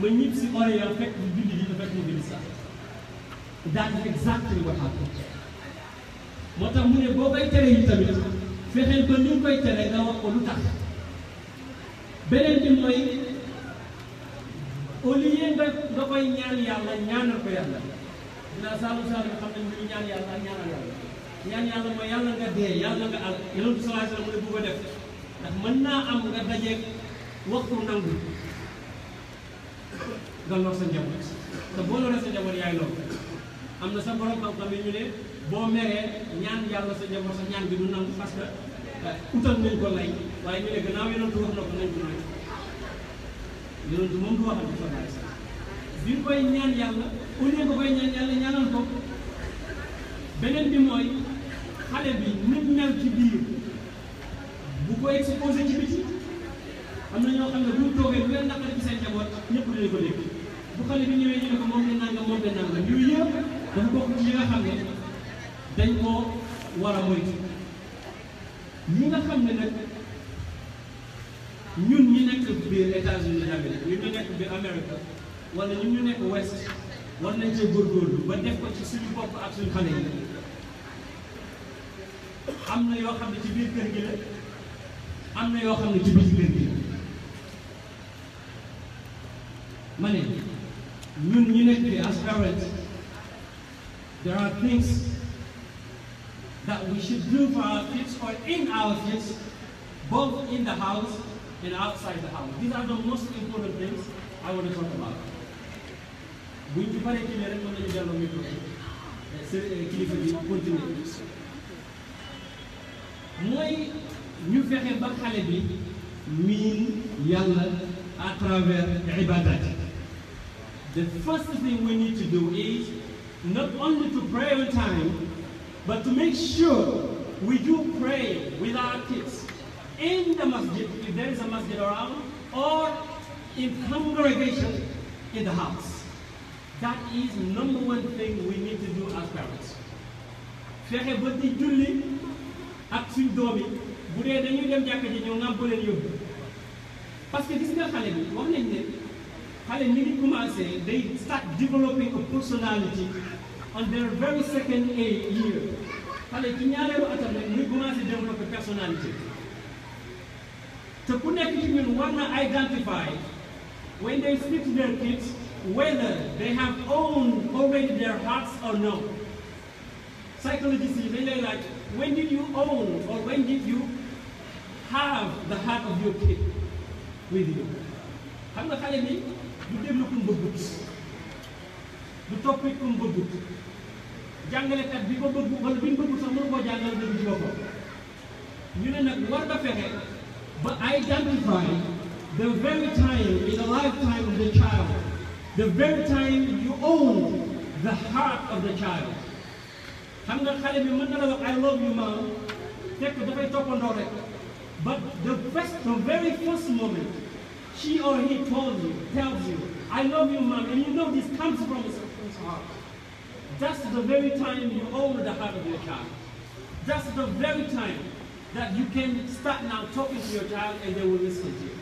ma ñib si Orient fekk mu jullit yi te fekk mu fa that is exactly what happened moo tax mu ne boo koy tere yi tamit fexeel ba ni koy tere nga wax ko lu tax beneen bi mooy au lieu nga nga ñaan yàlla ñaanal ko yàlla dinaa saalu saalu nga xam ne ñu ñaan yàlla ñaanal yàlla ñaan yàlla mooy yàlla nga dee yàlla nga àll yonent bi sallallahu alayhi wasallam mu ne bu def ndax mën naa am nga dajeeg waxtu nangu nga lor sa njaboot te boo loree sa njaboot yaay lor am na sa borom xam yàlla sa njaboot sa du parce que euh, utal nañ ko wax na du waxal sallallahu alayhi koy ñaan yàlla au lieu nga koy ñaan yàlla ñaanal ko beneen bi mooy. xale bi ni mel ci biir bu ko exposé ci biti am na ñoo xam ne bu ñu toogee bu leen naqari ci seen njaboot ñëpp dinañ ko dégg bu xale bi ñëwee ñu ne ko moom la nangam moom la nangam yooyu yëpp dafa bokk ci ñi nga xam ne dañ koo war a moytu ñi nga xam ne nag ñun ñi nekk biir États-Unis d'Amérique ñun ñu nekk biir Amérique wala ñun ñu nekk West war nañ cee góorgóorlu ba def ko ci suñu bopp ak suñu xale yi. am na yoo xam ne ci biir kër am na yoo xam ne ci biir kër gi la ma ne bi as parents there are things that we should do for our kids or in our kids in the house and outside the house these are the most important things I want to talk about buñ ci paree ci lee rek mën nañu delloo micro kilifa bi continuer mooy ñu fexe ba xale bi miin yàlla The first thing we need to do is not only to pray on time, but to make sure we do pray with our kids in the masjid, a masjid around, or in congregation in the house. That is number one thing we need to do as parents. fexe ba di ak suñ doom yi bu dee dañuy dem jàkka ji ñoo ngàmp leen yóbbu parce que gis bi wax nañ ne ni ngi commencé day start developing o personality on their very second year xale ci ñaareelu atam rek muy commencé développer personnalité te ku nekk ci ñun war na identify when they speak to their kids whether they have owned no psychologists yi dañ lay laaj When did you own or when did you have the heart of your kid with you xam nga xale ni du déglu ku mu bëggut du toppit ku mu bëggut jàngalekat bi ko bëgg wala bi mu bëggut sax mënu koo jàngal dëgg ci boppam ñu ne nag war nga fexe ba identify the very time in the lifetime of the child the very time you own the heart of the child xam nga xale bi mën na la wax I love you maam fekk dafay toppandoo but the first the very first moment she or he told you tells you I love you maam and you know this comes from his heart that's the very time you own the heart of your child that's the very time that you can start now talking to your child and they will listen to you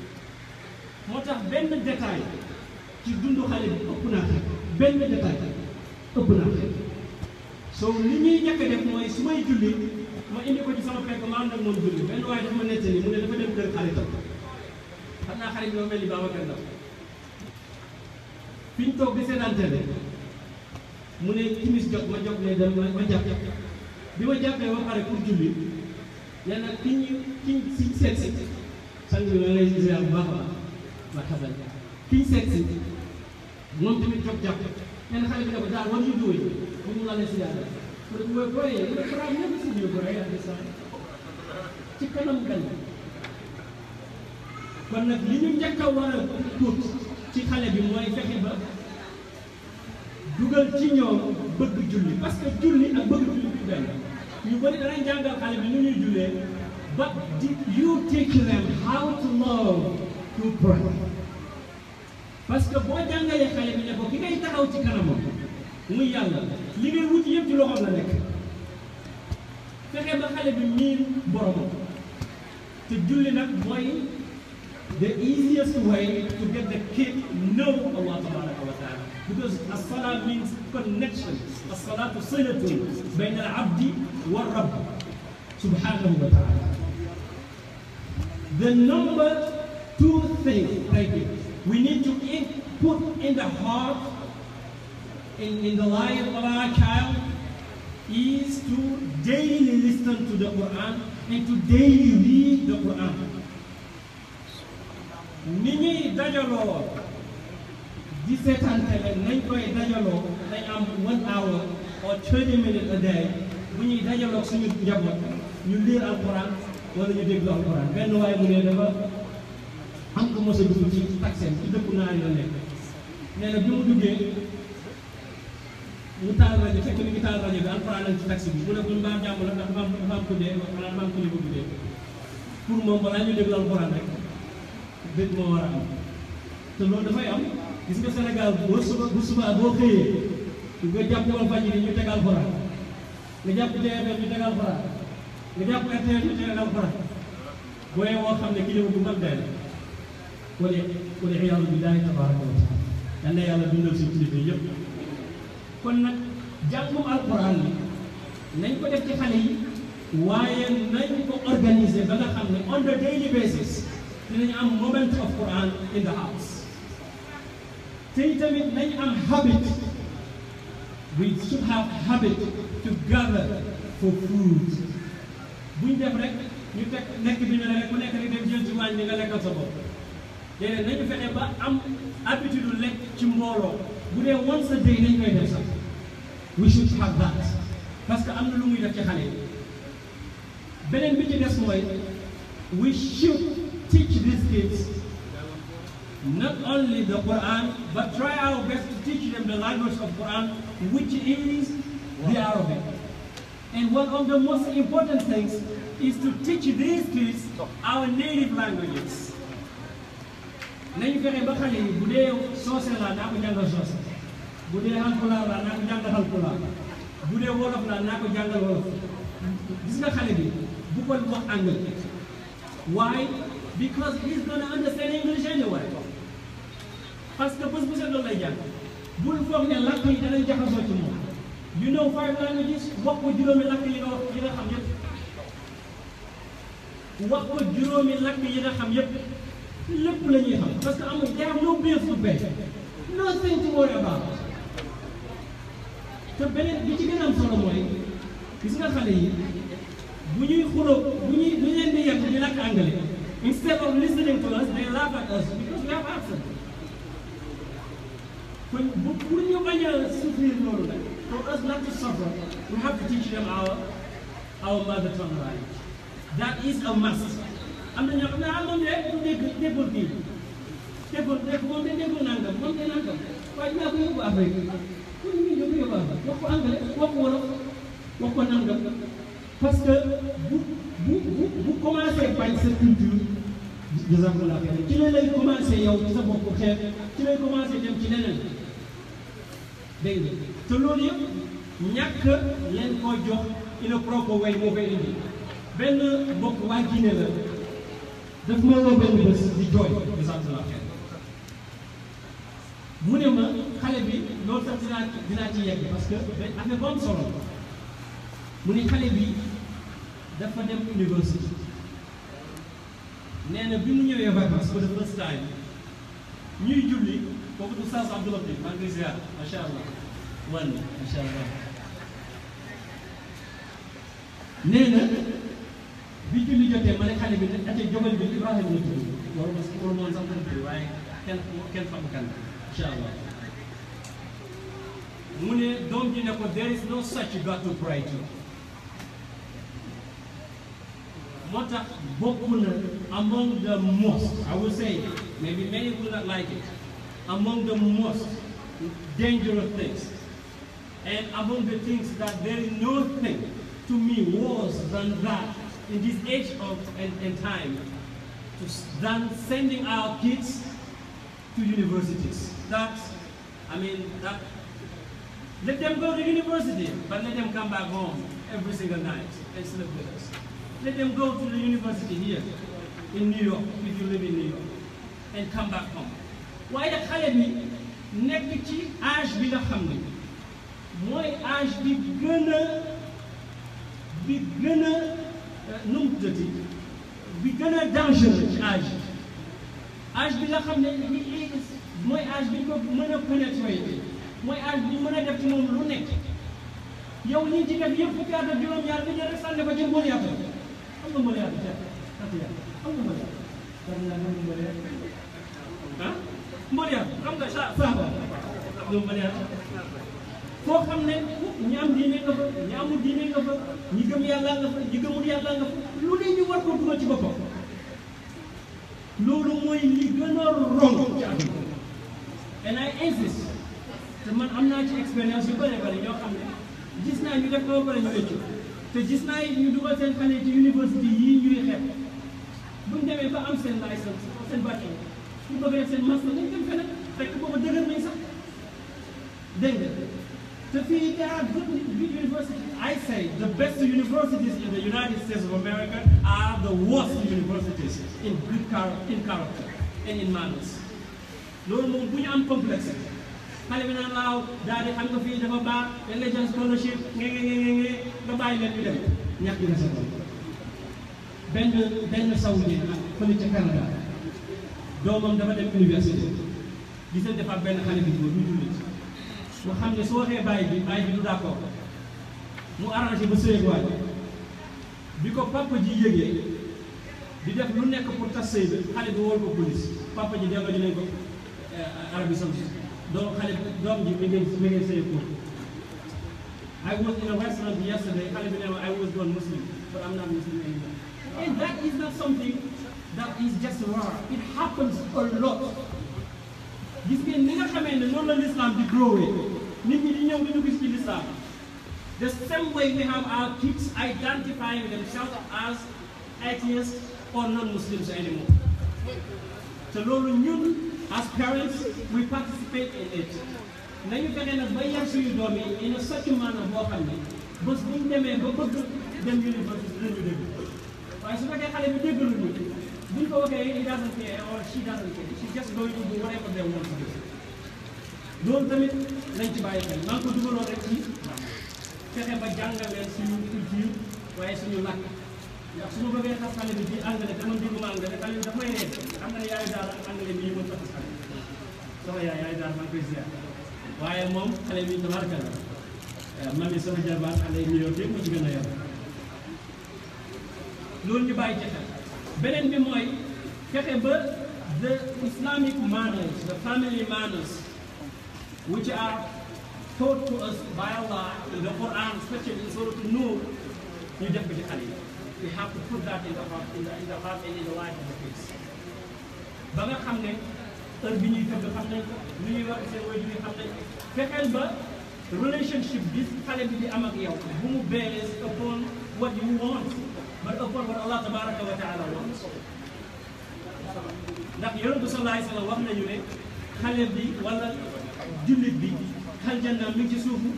moo tax benn détail ci dundu xale bi ëpp naa benn détail ëpp naa soo li ñuy njëkk a def mooy su may julli ma indi ko ci sama fekk ma ànd ak moom julli benn waaye dafa ma nettali mu ne dafa dem kër xam naa xarit bi ma ñu mu ne timis jot ma jot jàpp bi ma jàppee ba pare pour julli nee na ma lay ziar bu a seet si moom tamit jot jàpp nee na xale ne ko daal war ñu duwee Allah siyaare mu ne ci kanam gan kon nag li ñu njëkk a war a tuut ci xale bi mooy fexe ba dugal ci ñoom bëgg julli parce que julli ak bëgg julli bi bëri danañ jàngal xale ba di you teach how to love to pray parce que boo jàngalee xale bi ne ko ki ngay taxaw ci kanamam muy yàlla li ngay wut yëpp ci loxoom la nekk fexe ba xale bi miin boromam te julli nag mooy the easiest way to get the kid know Allah tabaraka wa taala because as-salat means connection as-salatu silatun bayna al-abdi wa rabb subhanahu wa taala the number two thing like we need to put in the heart in, in the life of is to daily listen to the Quran and to daily the Quran. ni ñuy dajaloo di seetaante leen nañ koy dajaloo day am one hour or twenty minutes a day bu ñuy dajaloo suñu njaboot ñu lire alquran wala ñu déglu alquran benn waaye mu ne dafa am ko mos a ci taxem ci dëkku naar yi la nekk nee bi mu duggee. ñu taal rajo fekk ni ñu taal rajo bi alxuraan lañ ci taxi bi mu ne ko mbaa jàmm la ndax dafa am dafa am ko dee wala dafa am ko ko dee pour moom balaa ñu déglu alxuraan rek dëgg moo war a am te loolu dafay am gis nga Sénégal boo suba bu subaa boo xëyee nga jàpp wal fajiri ñu teg alxuraan nga jàpp TFM ñu teg alxuraan nga jàpp RTS ñu teg alxuraan booyee woo xam ne kilifa bu mag day la kon kon yàlla billaahi tabaaraka wa taala yal na yàlla dundal suñu kilifa yëpp kon nag jàngum alquran bi nañ ko def ci xale yi waaye nañ ko organise ba nga xam ne on the daily basis dinañ am moment of Quran in the house te itamit nañ am habit we should have habit to gather for food buñ def rek ñu teg nekk bi ñu rek ku nekk rek dem jël ci wàññi nga lekkal sa bopp déedéet nañu fexe ba am habitude lekk ci mbooloo bu dee once a day nañ koy def sax we should have that parce que am na lu muy def ci xale yi bi ci we should teach these kids not only the Quran but try our best to teach them the language of Quran which is the Arabic and one of the most important things is to teach these kids our native languages nañu fexe ba xale yi bu dee soose laa naa ko jàngal soose bu dee alpulaar laa naa ko jàngal alpulaar bu dee wolof laa naa ko jàngal wolof gis nga xale bi bu ko wax anglais waaye because he's gonna understand English anyway parce que bés bu set loolu lay jàng bul foog ne làkk yi danañ jaxasoo ci moom you know five languages wax ko juróomi làkk li nga wax yi nga xam yépp wax ko juróomi làkk yi nga xam yépp lépp la ñuy xam parce que amul they have no bills to about te beneen bi ci gën a am solo mooy gis nga xale yi bu ñuy xuloo bu ñuy bu ñu leen di yàq di làkk anglais instead of listening to us they laugh at us because we have accent kon bu pour ñu bañ a souffrir for us not to suffer we have to our our mother tongue language that is a must am na ñoo xam ne ah moom moom de déggul nangam moom de nangam waaye dinaa ko yóbbu Afrique pour ñu wolof wax nangam parce que bu bu bu bu commencé bañ sa culture disons la ci la lay commencé yow ci sa bopp xeet ci lay commencé dem ci leneen dégg nga te ñàkk leen koo jox il a way moo koy benn mbokk waa Guinée la daf ma woo benn bés di jooy bisantula xel mu ma xale bi loolu sax dinaa dinaa ci yegg parce que day am solo mu ne bi dafa dem université nee na bi mu ñëwee vacances ba dafa stage ñuy julli kooku du Oustaz Abdou Latif maa ngi ziar macha allah wan macha allah nee na bi julli jotee ma ne xale bi nag ate jobal bi Ibrahima la tudd loolu parce que loolu noonu sax dañ koy waaye kenn allah mu ne doom ji ko there no such God to pray to moo tax bokk na among the most I will say maybe many will not like among the most dangerous things and among the things that there no thing to me worse than that in this age of and, and time to, than sending our kids to universities. That, I mean, that, let them go to university, but let them come back home every single night and sleep Let them go to the university here in New York, if you live in New York, and come back home. waaye nag xale bi nekk ci âge bi nga nu mu tuddati bi gën a dangereux ci âge âge bi nga xam ne li mooy âge bi ko mën a pénétrer mooy âge bi mën a def ci moom lu nekk yow liñ ci def yëpp fukki at ak juróom-ñaar bi ñu rek sànni ko ci am na mboolu yàlla jàpp am nga mboolu am nga mboolu sa saaba am nga mboolu foo xam ne ñi am diine nga fa ñi amul diine nga fa ñi gëm yàlla nga fa ñi gëmul yàlla nga fa lu ne ñu war ko dugal ci boppam loolu mooy li gën a rong and I insist te man am naa ci expérience yu bëri bëri ñoo xam ne gis naa ñu def ko bëri ñu wéccu te gis naa it ñu dugal seen xale ci université yii ñuy xeet buñ demee ba am seen licence seen bachelor pour bëgg def seen master dañ dem feneen fekk booba dëgër nañ sax dégg The e there are good, good universities. I say the best universities in the United States of America are the worst universities in good char in character and in manners. loolu moom bu ñu am complexe xale bi naan laaw daal di xam nga fii dafa baax dañ lay jox scholarship nge nge nge nge nga bàyyi leen ñu dem ñax dina sa kaw. benn benn sawuñu ak fële ca Canada doomam dafa dem université gisal dafa benn xale bi góor ñu jullit nga xam ne su waxee bàyyi bi bàyyi bi du d'accord mu arrangé ba sëyeeg waaj bi ko papa ji yëgee di def lu nekk pour tas sëy bi xale bi wol ko police papa ji delloo dinañ ko eh, Arabie Saoudite doom xale doom ji mi ngeen mi I was in a restaurant yesterday xale bi ne ma I was born Muslim but I'm not Muslim anymore and that is not something that is just rare it happens a lot. gis ngeen ni nga xamee ne noonu la l'islam di growee nit ñi di ñëw di ñu gis ci l'islam the same way we have our kids identifying themselves as atheists or non-Muslims anymore te loolu ñun as parents we na in it nañu fexe nag so yar suñu doom yi in a such manner boo xam ne bés bu ñu demee ba bëgg dem université dinañu dégg waaye su fekkee xale bi déggaluñu we go, okay, he doesn't care or she doesn't care. She's just going to do whatever they want to do. loolu tamit lañ ci bàyyi xel maa ngi ko dugaloon rek ci fexe ba jàngal leen suñu culture waaye suñu làkk ndax su ma bëggee xas xale bi di anglais dama dégguma anglais xale bi dafay ree xam nga ne yaayu daal ak anglais bi ñu mën ko xas xale sama yaay yaayu daal man koy ziar waaye moom man ni sama jarbaat xale yi ñëw dégg ma ci gën a bàyyi ci xel beneen bi mooy fexe ba the Islamic manners the family manners which are taught to us by Allah in the Quran especially in Surah An-Nur ñu def ko ci xale yi we have to put that in the heart in the in the heart and in the life of the kids ba nga xam ne heure bi ñuy tëgg xam nañ ko lu ñuy wax seen wéy bi xam nañ ko fexeel ba relationship bi xale bi di am ak yow bu mu bees upon what you want ba ëppoon war allah tabaraka wa taala wax ndax yonent bi sallallahu wa wax nañu ne xale bi wala jullit bi xal janna mi ngi ci suufu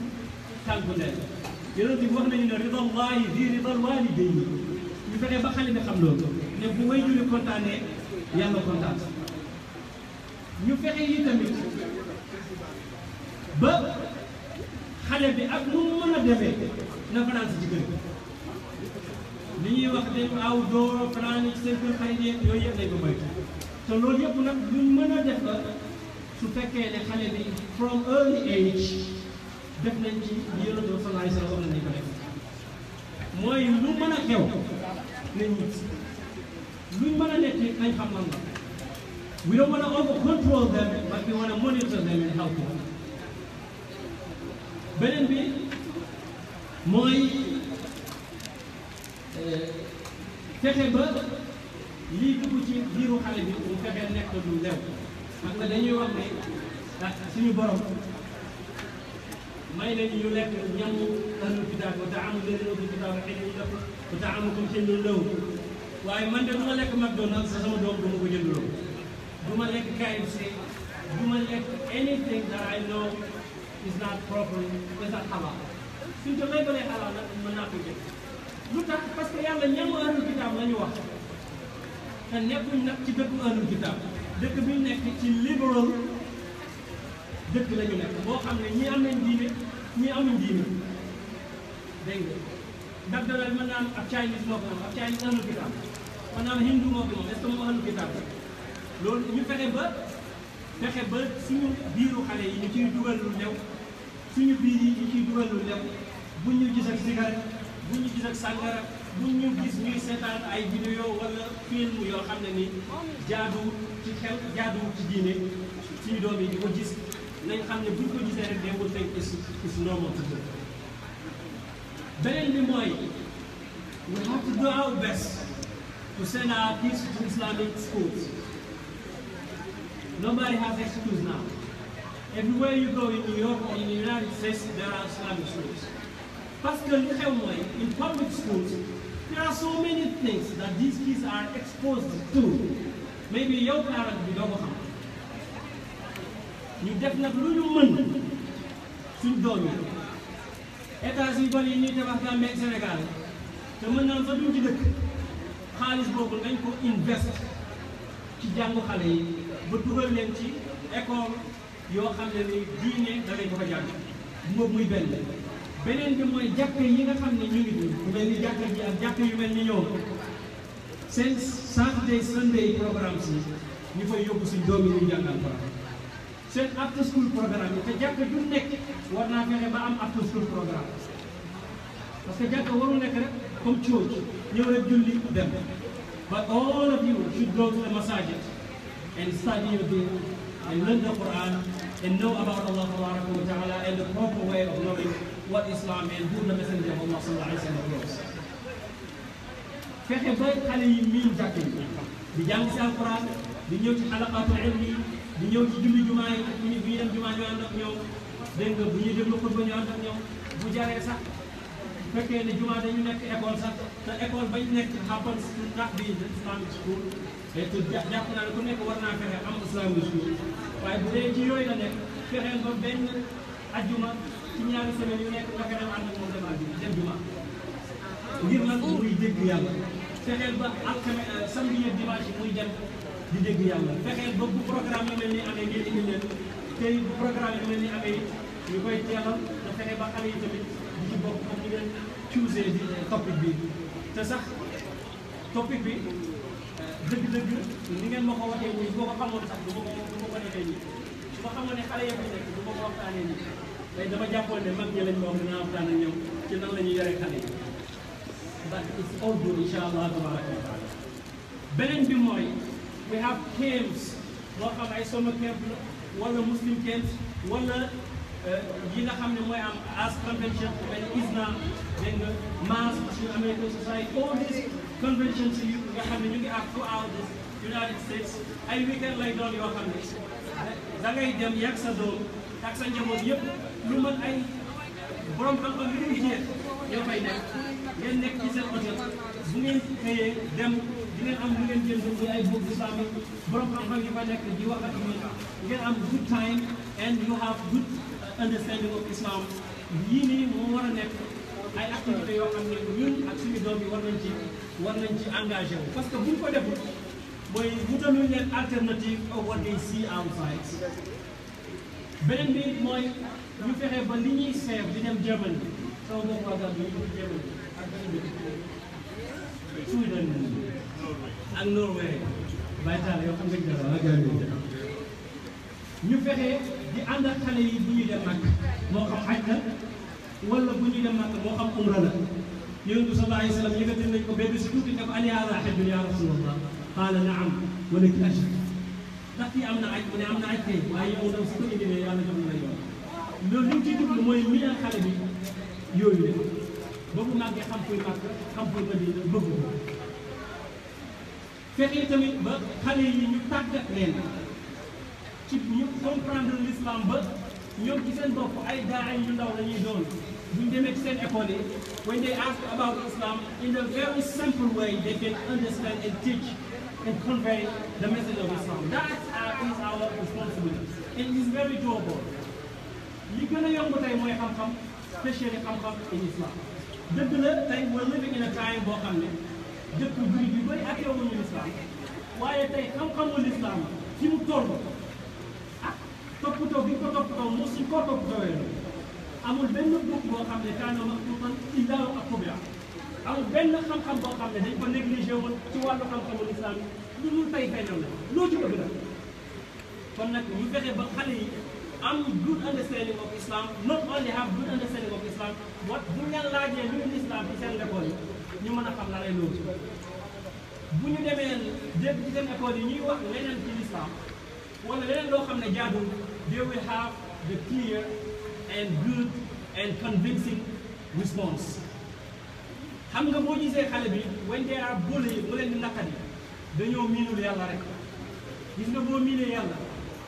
tànk bu ndey yonent bi wax nañu ne ridallahi fi ridal walidayni ñu fexe ba xale bi xam loolu ne bu way julli kontaanee yàlla kontaan ñu fexe yi tamit ba xale bi ak mu mën a demee na fanaan si jigéen li ñuy wax dem aw dooro fanaan ci seen kër xale yeeg yooyu yëpp dañ ko moytu te loolu yëpp nag luñ mën a def ba su fekkee ne xale from early age def nañ ci yonent bi sallallahu alayhi wa sallam nañ ko def mooy a xew nañ wut luñ mën a nekk nañ xam lan la we don't want to over control them but monitor them and help them beneen bi mooy fexe ba lii dugg ci biiru xale bi mu fexe nekk lu lew xam nga dañuy wax ne ak suñu borom may nañu ñu lekk ñam ahlul kitaab wa ta'aamul laziina uutul kitaaba hilun lakum wa ta'aamukum hilun lahum waaye man de du ma lekk McDonald's sa sama doom du ma ko jënduloo du ma lekk KFC du ma lekk anything that I know is not proper is not halal suñ ko may balee halal nag mën naa ko jënd lu tax parce que yàlla ñamu ahlul kitaab la ñu wax te nekkuñ nag ci dëkku ahlul kitaab dëkk bi ñu nekk ci libéral dëkk la nekk boo xam ne ñii am nañ diine ñii amuñ diine dégg nga ndax dana mën naa am ab Chinese moo ko moom ab Chinese ahlul kitaab mën naa am hindu moo ko moom est ce kitaab loolu ñu fexe ba fexe ba suñu biiru xale yi ñu ciy dugal lu lew suñu biir yi ciy dugal lu lew buñ ñu gis ak sigaret bu ñu gis ak sàngara bu ñu gis ñuy seetaan ay vidéo wala film yoo xam ne ni jaaduwul ci xel jaaduwul ci diine suñu doom yi di ko gis nañ xam ne buñ ko gisee rek day wut is is normal beneen bi mooy we have to do our best to send our kids to Islamic schools. Nobody has excuse now. Everywhere you go in New York in the United States, there are Islamic schools. Parce que li xew mooy in public schools there are so many things that these kids are exposed to maybe yow parent bi doo ko xam ñu def nag lu ñu mën suñ doom yi états yu bari yi ñuy tabax Gambie ak Sénégal te mën naan fa duñ ci dëkk xaalis boobu nañ ko invest ci jàngu xale yi ba dugal leen ci école yoo xam ne ni diine da ngay ko fa jàng boobu muy benn beneen bi mooy jàkk yi nga xam ne ñu ngi ñu mel ni jàkk ji ak jàkk yu mel ni ñoom seen Saturday Sunday programme si ñu fay yóbbu suñ doomi ñu jàngal Alxuraan seen after school programme yi te jàkk ju nekk war naa fexe ba am after school programme parce que jàkk waru nekk rek comme church ñëw rek julli dem but all of you should go the masajid and study your deen and learn the Quran and know about Allah wa ta'ala and the proper way of what Islam and who the messenger of Allah sallallahu alayhi wa sallam was. fexe ba xale miin jàkk yi di si alquran di ñëw ci xalaqaatu ilmi yi di ñëw ci julli jumaa yi bu ñu bu ñu dem jumaa ñu ànd ak ñoom dégg nga bu ñuy déglu xutba ñu ànd ñoom bu jaree sax fekkee ne jumaa dañu nekk école sax te école bañ nekk happens to not be islamic school et te jàpp naa ne ku nekk war naa am islamic school waaye bu dee ci yooyu la nekk fexeel ci ñaari semaine yu nekk nga fexe ànd ak moom demal bi dem juma ngir lan muy dégg yàlla fexeel ba alxames euh, samedi ak dimanche muy dem di dégg yàlla fexeel ba bu programme yu mel ni amee ngeen indi leen tey bu programme yu mel ni amee ñu koy teelal nga fexe ba xale yi tamit di ci bokk comme ni ngeen choisir di topic bi te sax topic bi euh, dëgg-dëgg ni ngeen ma ko waxee nii boo ko xamoon sax du ma ko du ma ko defee nii su ma xamoon ne xale yëpp nekk du ma ko waxtaanee nii tey dama jàppoon ne mag ñi lañ moom dinaa waxtaan ak ñoom ci nan la ñuy yore xale yi that is all good incha allah tabaraka wa bi mooy we have camps moo xam ay summer camp la wala muslim eh, xam ne mooy am as convention benn ISNA dégg nga xam ne ñu ngi ak throughout the United States ay weekend lay doon yoo xam ne da dem yàgg sa doom ak sa ñu mën ay borom xam-xam yu ñuy ñeent ñoo fay nekk ngeen nekk ci seen hôtel bu ngeen xëyee dem di ngeen am lu ngeen jënd muy ay bopp bu sàmm borom xam-xam yi nekk di wax a ñun ngeen am good time and you have good nii moo war a nekk ay activités yoo xam ne ñun ak doom yi war nañ ci war nañ ci engagé parce que buñ ko deful mooy wutaluñ leen alternative of what they see outside beneen bi mooy. ñu fexe ba li ñuy seet di dem jébbal sama mbokku wasaab yi ñu jébbal ak Sudan ak Norvège baytaal yoo xam ne dara ak ñu fexe di ànd ak xale yi bu ñuy dem màkk moo xam xaj la wala bu ñuy dem màkk moo xam umra la yonent bi sallallahu alayhi wa sallam yëkkati nañ ko benn si tuuti ne ko ani haaza hajjun yaa rasulallah qaala naam walakin ashrik ndax fii am na aj mu ne am na aj kay waaye yow ndaw su ko indilee yàlla jox na la yoon loolu li ñu ciy jublu mooy miinal xale bi yooyu ba mu màggee xam kuy màgg xam kuy màgg bëgg ko fexe tamit ba xale yi ñu tàggat leen ci ñu comprendre l'islam ba ñoom ci seen bopp ay daa ñu ndaw la ñuy doon buñ demee ci seen école yi when they ask about Islam in a very simple way they can understand and teach and convey the message of Islam that is our responsibility and it is very doable li gën a yomb tey mooy xam-xam spécial xam-xam et l'islam dëgg la tey mooy living in a time boo xam ne dëkk jullit yu bëri ak yow ñu l'islam waaye tey xam-xamu l'islam ci mu toll ak toppatoo bi ko toppatoo mu si ko toppatoowee la amul benn bopp boo xam ne kaana maxtuutan illaa ak kubra amul benn xam-xam boo xam ne dañ ko négligé woon ci wàllu xam-xamu l'islam yi lu dul tey feeñal la loo ci bëgg la kon nag ñu fexe ba xale yi am good understanding of Islam, not only have good understanding of Islam, but bu ñu leen laajee lu ñu Islam ci seen école yi ñu mën a xam la lay loolu bu ñu demee dégg ci seen école yi ñuy wax leneen ci Islam wala leneen loo xam ne jaadul they will have the clear and good and convincing response. xam nga boo gisee xale bi when they are bully mu leen di naqari dañoo miinul yàlla rek gis nga boo miinee yàlla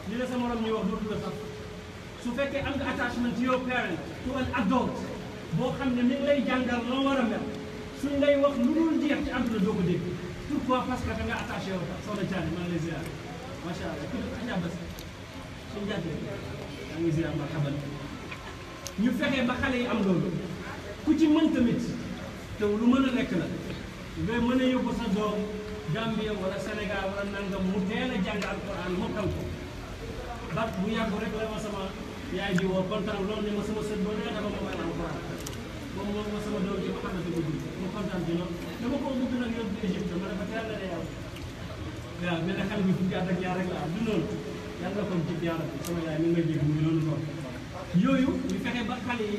li la sa morom ñu wax dootu la sax. su fekkee am nga attachment to your parent to an boo xam ne mi ngi lay loo war a mel suñ lay wax lu dul jeex ci àdduna doo ko dégg pourquoi parce que da nga attaché yow soxna Thiané maa ngi lay ziar macha ngi ziar ma xamal ba xale am loolu ku ci mën tamit lu mën a nekk la nga mën a yóbbu sa doom Gambie wala Sénégal wala nangam mu teel a jàng alquran mokkal ko bat bu yàgg rek la ma sama. yaay ji woo kontaan lool ne ma sama sët ba nee dafa ma wàll alxuraan ma sama ma xamante ko ji ma kontaan ci loolu dama ko bëgg nag yóbbu Égypte ma dafa teel a ne yow waaw mel na xale bi fukki at ak ñaar rek la am du loolu ci yàlla bi sama yaay mi ngi may dégg muy loolu kon yooyu ñu fexe ba xale yi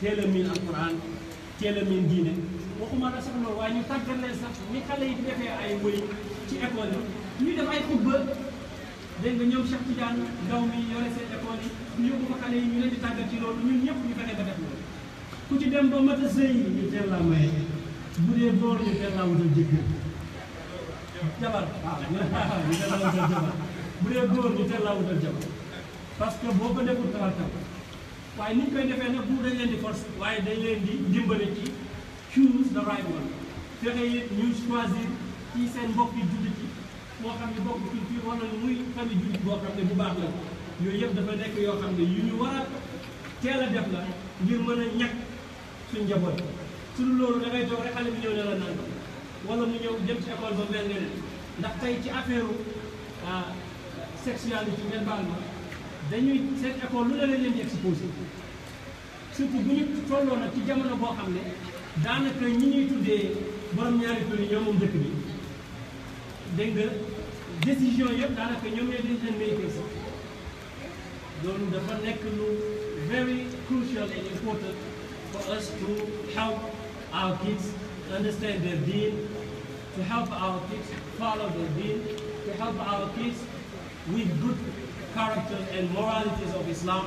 teel a miin alxuraan teel a miin diine waxuma la sax loolu waaye ñu tàggat leen ni xale yi di defee ay woy ci école yi ñu def ay dégg nga ñoom Cheikh Tidiane ndaw mi yore seen école yi ñu yóbbu ko xale yi ñu leen di tàggat ci loolu ñun ñëpp ñu fexe ba def loolu ku ci dem ba mat a sëy ñu teel laa maye bu dee boor ñu teel laa wutal jëkkër jabar waaw ñu teel laa wutal jabar bu dee góor ñu teel laa wutal jabar parce que boo ko deful tawartam waaye ni ñu koy defee nag bu dañ leen di force waaye dañ leen di dimbale ci choose the right one fexe seen mbokk yi jullit yi moo xam ne bokk culture wala muy famille jullit boo xam ne bu baax la yooyu yëpp dafa nekk yoo xam ne yu ñu war a teel def la ngir mën a ñàkk suñ njaboot su loolu da ngay toog rek xale bi ñëw ne la nangam wala mu ñëw jëm ci école ba mel ne ndax tey ci affaire ah, sexualité ngeen baal ma dañuy seen école lu la leen leen di exposé surtout bu ñu tolloo ci jamono boo xam ne daanaka ñi ñuy tuddee borom ñaari tur yi ñoom moom dëkk bi. dégg nga décision yëpp daanaka ñoom ñooy déterminer si dafa nekk lu very crucial and important for us to help our kids understand their deen to help our kids follow their deen to help our kids with good character and moralities of Islam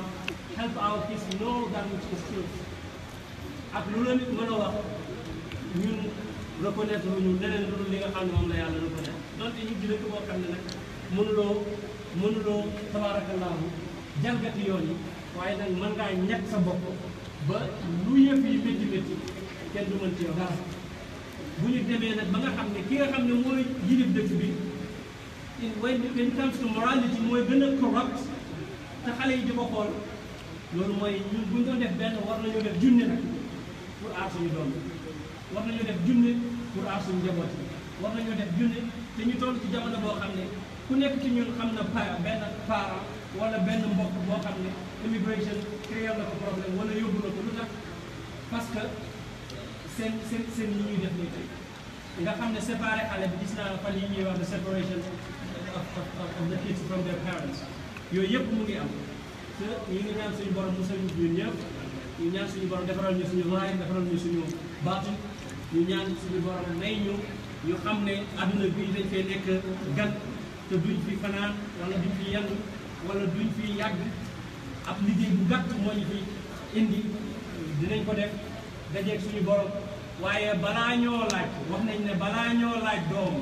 help our kids know that which is true ak lu reconnaître lu ñu leneen lu li nga xam ne moom la yàlla reconnaître donte ñu jullit boo xam ne nag mënuloo mënuloo tabaarakallaahu jalgati yoon yi waaye nag mën ngaa ñàkk sa bopp ba lu yëf yi métti kenn du mën ci yow bu ñu demee nag ba nga xam ne ki nga xam ne mooy yilif dëkk bi in when it comes to morality mooy gën a corrupt te xale yi di xool loolu mooy ñun bu ñu doon def benn war nañoo def junne nag pour aar suñu doom war nañoo def junne pour aar suñu njaboot yi war nañoo def junne te ñu toll ci jamono boo xam ne ku nekk ci ñun xam na pa benn parent wala benn mbokk boo xam ne immigration créé na ko problème wala yóbbu na ko lu tax parce que seen seen seen yi ñuy def nii tey nga xam ne séparé xale bi gis naa fan yi ñuy wax de separation of the kids from their parents yooyu yëpp mu ngi am te ñu ñaan suñu borom musal ñu ñëpp ñu ñaan suñu borom defaral ñu suñu laay defaral ñu suñu baatu ñu ñaan suñu borom may ñu ñu xam ne adduna bii dañ fee nekk gan te duñ fi fanaan wala duñ fi yenn wala duñ fi yàgg ab liggéey bu gàtt moo ñu fi indi dinañ ko def dajeeg suñu borom waaye balaa ñoo laaj wax nañ ne balaa ñoo laaj doom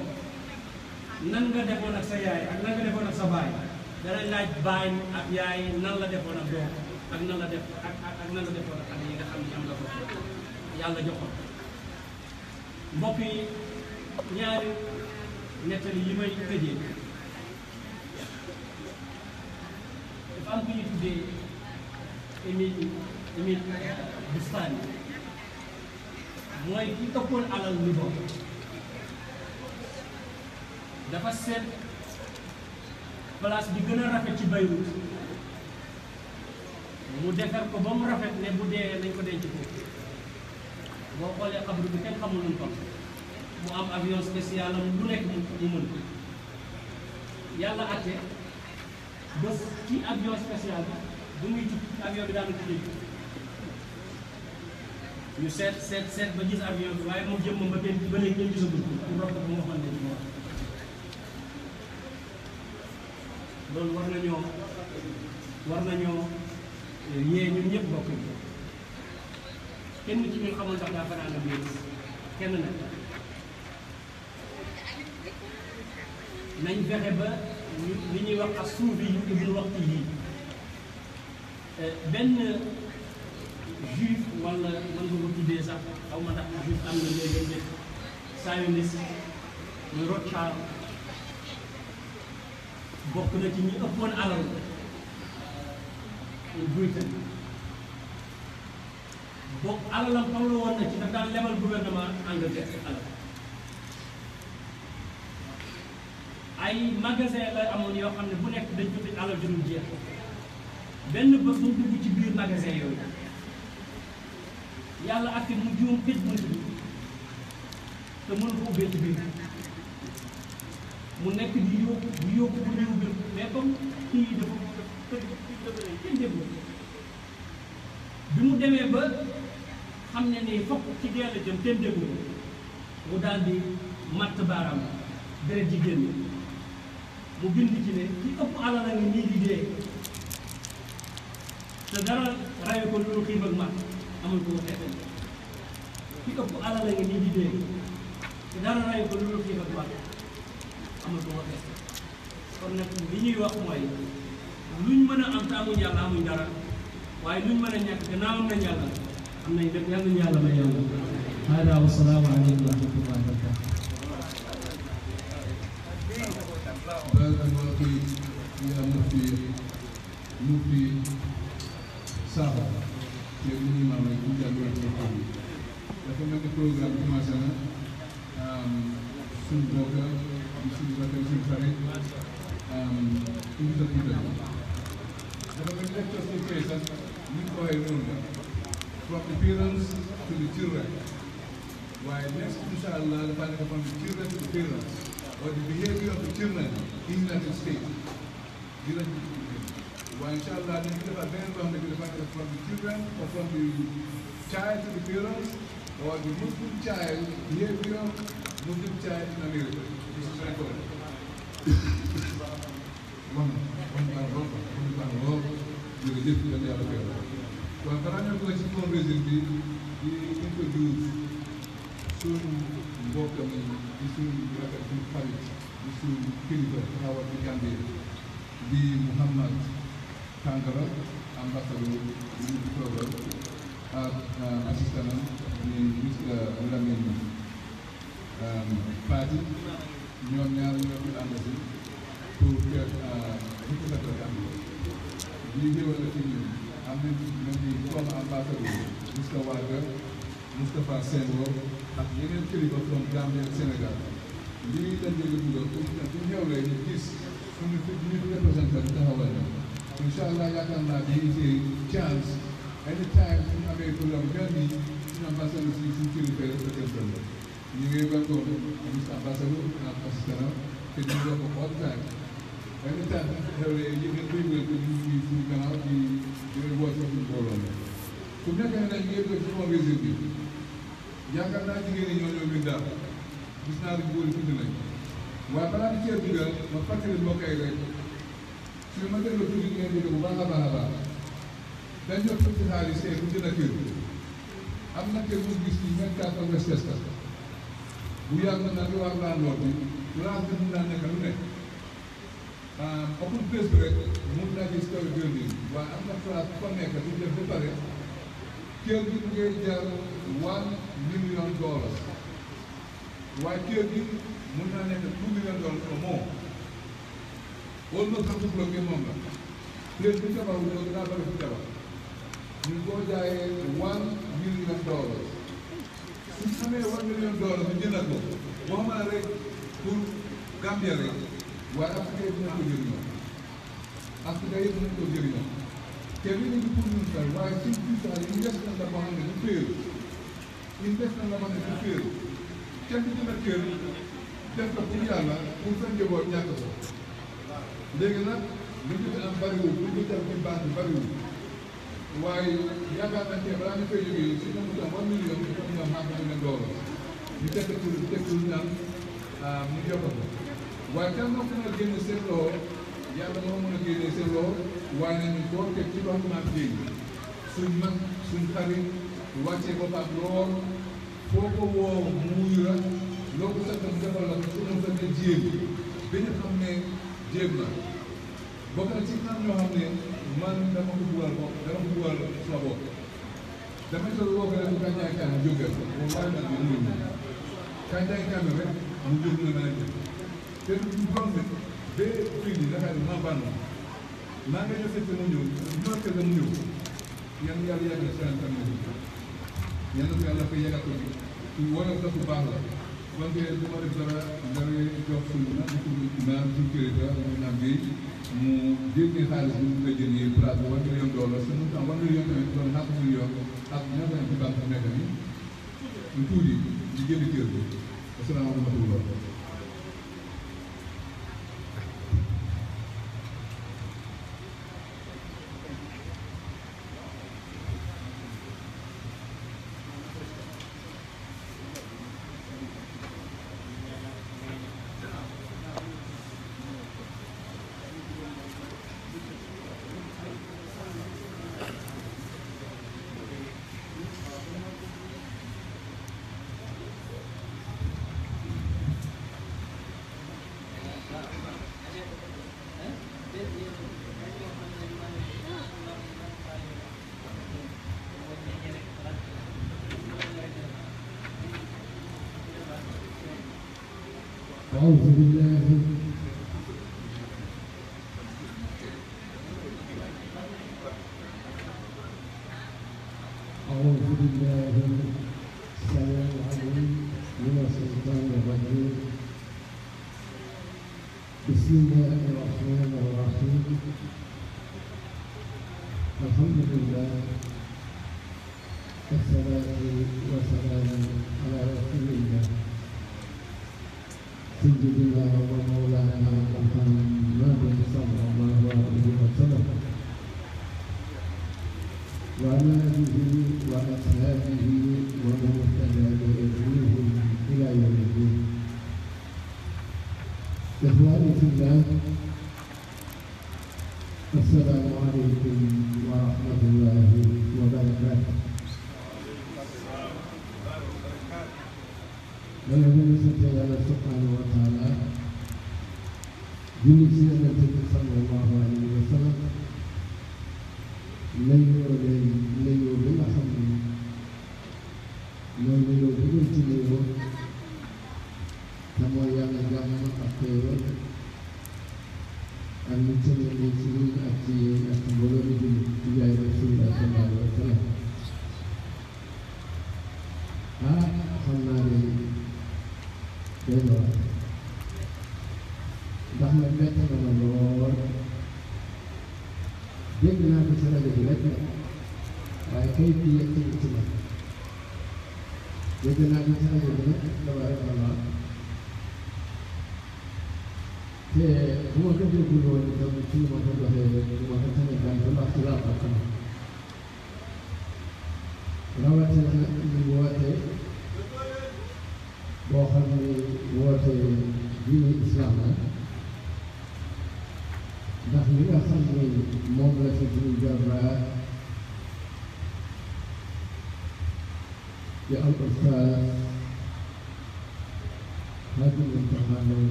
nan nga defoon ak sa yaay ak nan nga defoon ak sa baay danañ laaj baay ak yaay nan la defoon ak doom ak nan la def ak ak nan la defoon ak at yi nga xam ne am nga ko yàlla joxoon mbok yi ñaari nettali yi may tëjee dafa am ku ñu tuddee Émile Émile Bustani mooy ki ëppoon alal lu doon dafa seet place bi gën a rafet ci Beyrouth mu defar ko ba mu rafet ne bu dee ko denc ko boo xoolee xabru bi kenn xamul luñ ko mu am avion spécial am lu nekk mu mën yàlla àtte ba ci avion spécial bi bu muy tukki avion bi daanu ci dégg ñu seet seet seet ba gis avion bi waaye moom jëmmam ba kenn ba léegi kenn gisagul ko pour ropp bu nga xamante ni moo loolu war nañoo war nañoo eh, yee ñun ñëpp bokk yi kenn ci ñun xamul sax daa fanaan ak yéen kenn nag nañ fexe ba li ñuy wax ak suuf yi ibnu waxtu yii euh, benn juif wala man nga ko tuddee sax xaw ma juif am na léegi dañ def sioniste muy bokk na ci ñi ëppoon alal Britain donc alalam tollu woon na ci daf daan lebal gouvernement Angleterre alal ay magasin lay amoon yoo xam ne bu nekk dañ ko tëj alal ju jeex benn bés mu dugg ci biir magasin yooyu yàlla ak mu juum tëj bunt bi te mu nekk di yóbbu bi mu demee ba xam ne nii fokk ci dee la jëm kenn mu daldi di matt baaraam deret ji génn mu bind ci ne ci ëpp alal a ngi nii di dee te dara rayu ko loolu xiif ak mat amul ko xeetal ci ëpp alal a ngi nii di dee te dara rayu ko loolu xiif ak mat amul ko xeetal kon nag li ñuy wax mooy luñ mën a am te amuñ yàlla amuñ dara waaye luñ mën a ñàkk gannaaw am nañ yàlla am nañ lépp yàlla yàlla may yàlla hada wa salaamu aleykum wa rahmatullahi wa barakaatu barakan waki ya mufti mufti Sakho te mu ñu maam rek ñu jàll ci xam dafa mel ni programme commencé na suñu bokk suñu bakkan suñu xarit uñu sa dafa mel ni lecture suñu kay sax ñu ko waxee noonu la from the parents to the children. While next, inshallah, the father from the children to the parents, or the behavior of the children in the United States. While inshallah, the people are then from the, from the children or from the child to the parents, or the Muslim child, behavior Muslim child in America. This is record. One, one, one, one, one, one, one, one, one, one, one, one, one, one, one, one, one, one, waaw balaa ñoo koy si fond bi di introduire suñu mbokk mi di suñu rafet suñu xarit di suñu bi Gambie di Mouhamad Tangara ambassadeur di ñu toogal ak assistant di ministre Lamine Fati ñoom ñaar ñoo fi ànd si pour que bu ko defee am di ñëwal am nañu nañu comme ambassadeur Mr Waga Moustapha Senghor ak yeneen kilifa from Gambie ak Sénégal li ñuy dajee lu dugg pour ñu ñëwlee ñu gis suñu ñu représenté taxawal na incha allah yaakaar naa dañuy see chance anytime suñu amee problème gan yi suñu ambassadeur si suñu kilifa la ñu ngi welcome Mr ambassadeur ak assistant te ñu doon ko all time anytime suñu xewlee ñu ngi koy wér ñu ngi suñu gannaaw di yooyu woote wu ñu booloon su nekkee nag yéen a fi réseau bi yaakaar naa jigéen ñi ñoo ñoo bind daal gis naa ne góor yi bind nañ waaye balaa di cee dugal ma fàttali mbokk yi rek su ma dégloo tuuti ngeen di bu baax a baax a baax dañ ñoo fëcc xaalis tey bu dina kër am na kër bu gis ci vingt quatre bu yàgg nag war laa lool bi place bi mu daan nekk lu nekk. open euh, place bi rek mun naa gis kaw jël nii waaye am na place bu fa nekk bu def ba gi mu ngay jar one million dollars waaye kër gi mun naa nekk two million dollars au moins wóor na sax dugub la ngeen moom la place bi tabax wu loolu daa bëri fu tabax ñu koo jaayee one million dollars su xamee one million dollars ñu jëndal ko waxuma Gambia rek waaye Afrique yëpp dina ko jëriñoo Afrique yëpp dina ko jëriñoo te li ñu pour ñun waaye suñ puissance yi investment la boo xam ne du féeru investment la boo xam ne du féeru kenn dina kër def ko pour yàlla pour sa njaboot ñàkk ko léegi nag lu waaye yaakaar nañ ne balaa ñu koy jógee si ñoom itam war nañu yomb si ñoom ñoom maa ngi leen doole ñu teg ko pour teg ko ñu naan mu ah, yokk waaye kan moo ko mën a génne seen loxo yàlla moo mën waaye nañu koo teg ci loxo maam jéem suñ mag suñ xarit wàcce boppam lool foo ko woo muuy la loo ko sant mu defal la su ma sant jéem bi ñu xam ne jéem la bokk ci xam ñoo xam man dama ko dugal ko dama ko dugal sa dama toll woo ko rek bu kànjaay kaan jógal moom waaye nag mu ngi mu kànjaay mu jóg la mën a 왜 우리 나라에 나가는 나가야 세트는요 이렇게는요 양양이야 괜찮다는 얘는 내가 그 얘가 또 원하는 것도 봐라 근데 정말 저라 저리 접수나 그나 그게가 나비 mu génne xaalis bi mu koy jëndee place bu one million dollar su mu am one million tamit doon xaq million ak ñaar ci banque bu nekk ni tuuti di jënd kër bi asalaamaaleykum أعوذ بالله nañ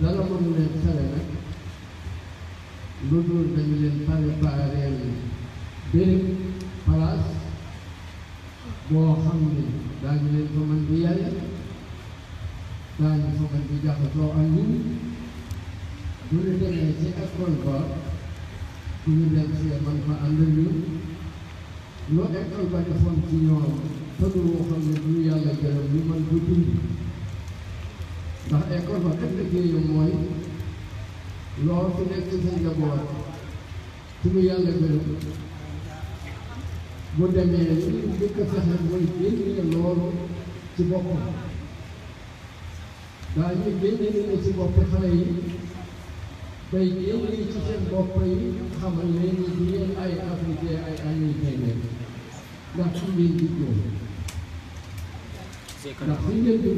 dara mënu leen tere nag lu dul dañu leen prépareel béréb place boo xam ne daañu leen fa mën di yare daañu fa mën di jaxasoo ak ñun bu ñu demee ci école ba bu ñu dem see man fa ànd ak ñun loo école ba defoon ci ñoom te du du yàlla gërëm ñu mën ko dund ku nekk sa njaboot ku nu yàlla gërëm bu demee li ñu njëkk a fexe mooy génne loolu ci boppam daa ñu génne leen ci bopp xale yi day génne ci seen bopp yi xamal leen ni yéen ay africain ay américain leen ndax fi ngeen juddoo ndax fi ngeen juddoo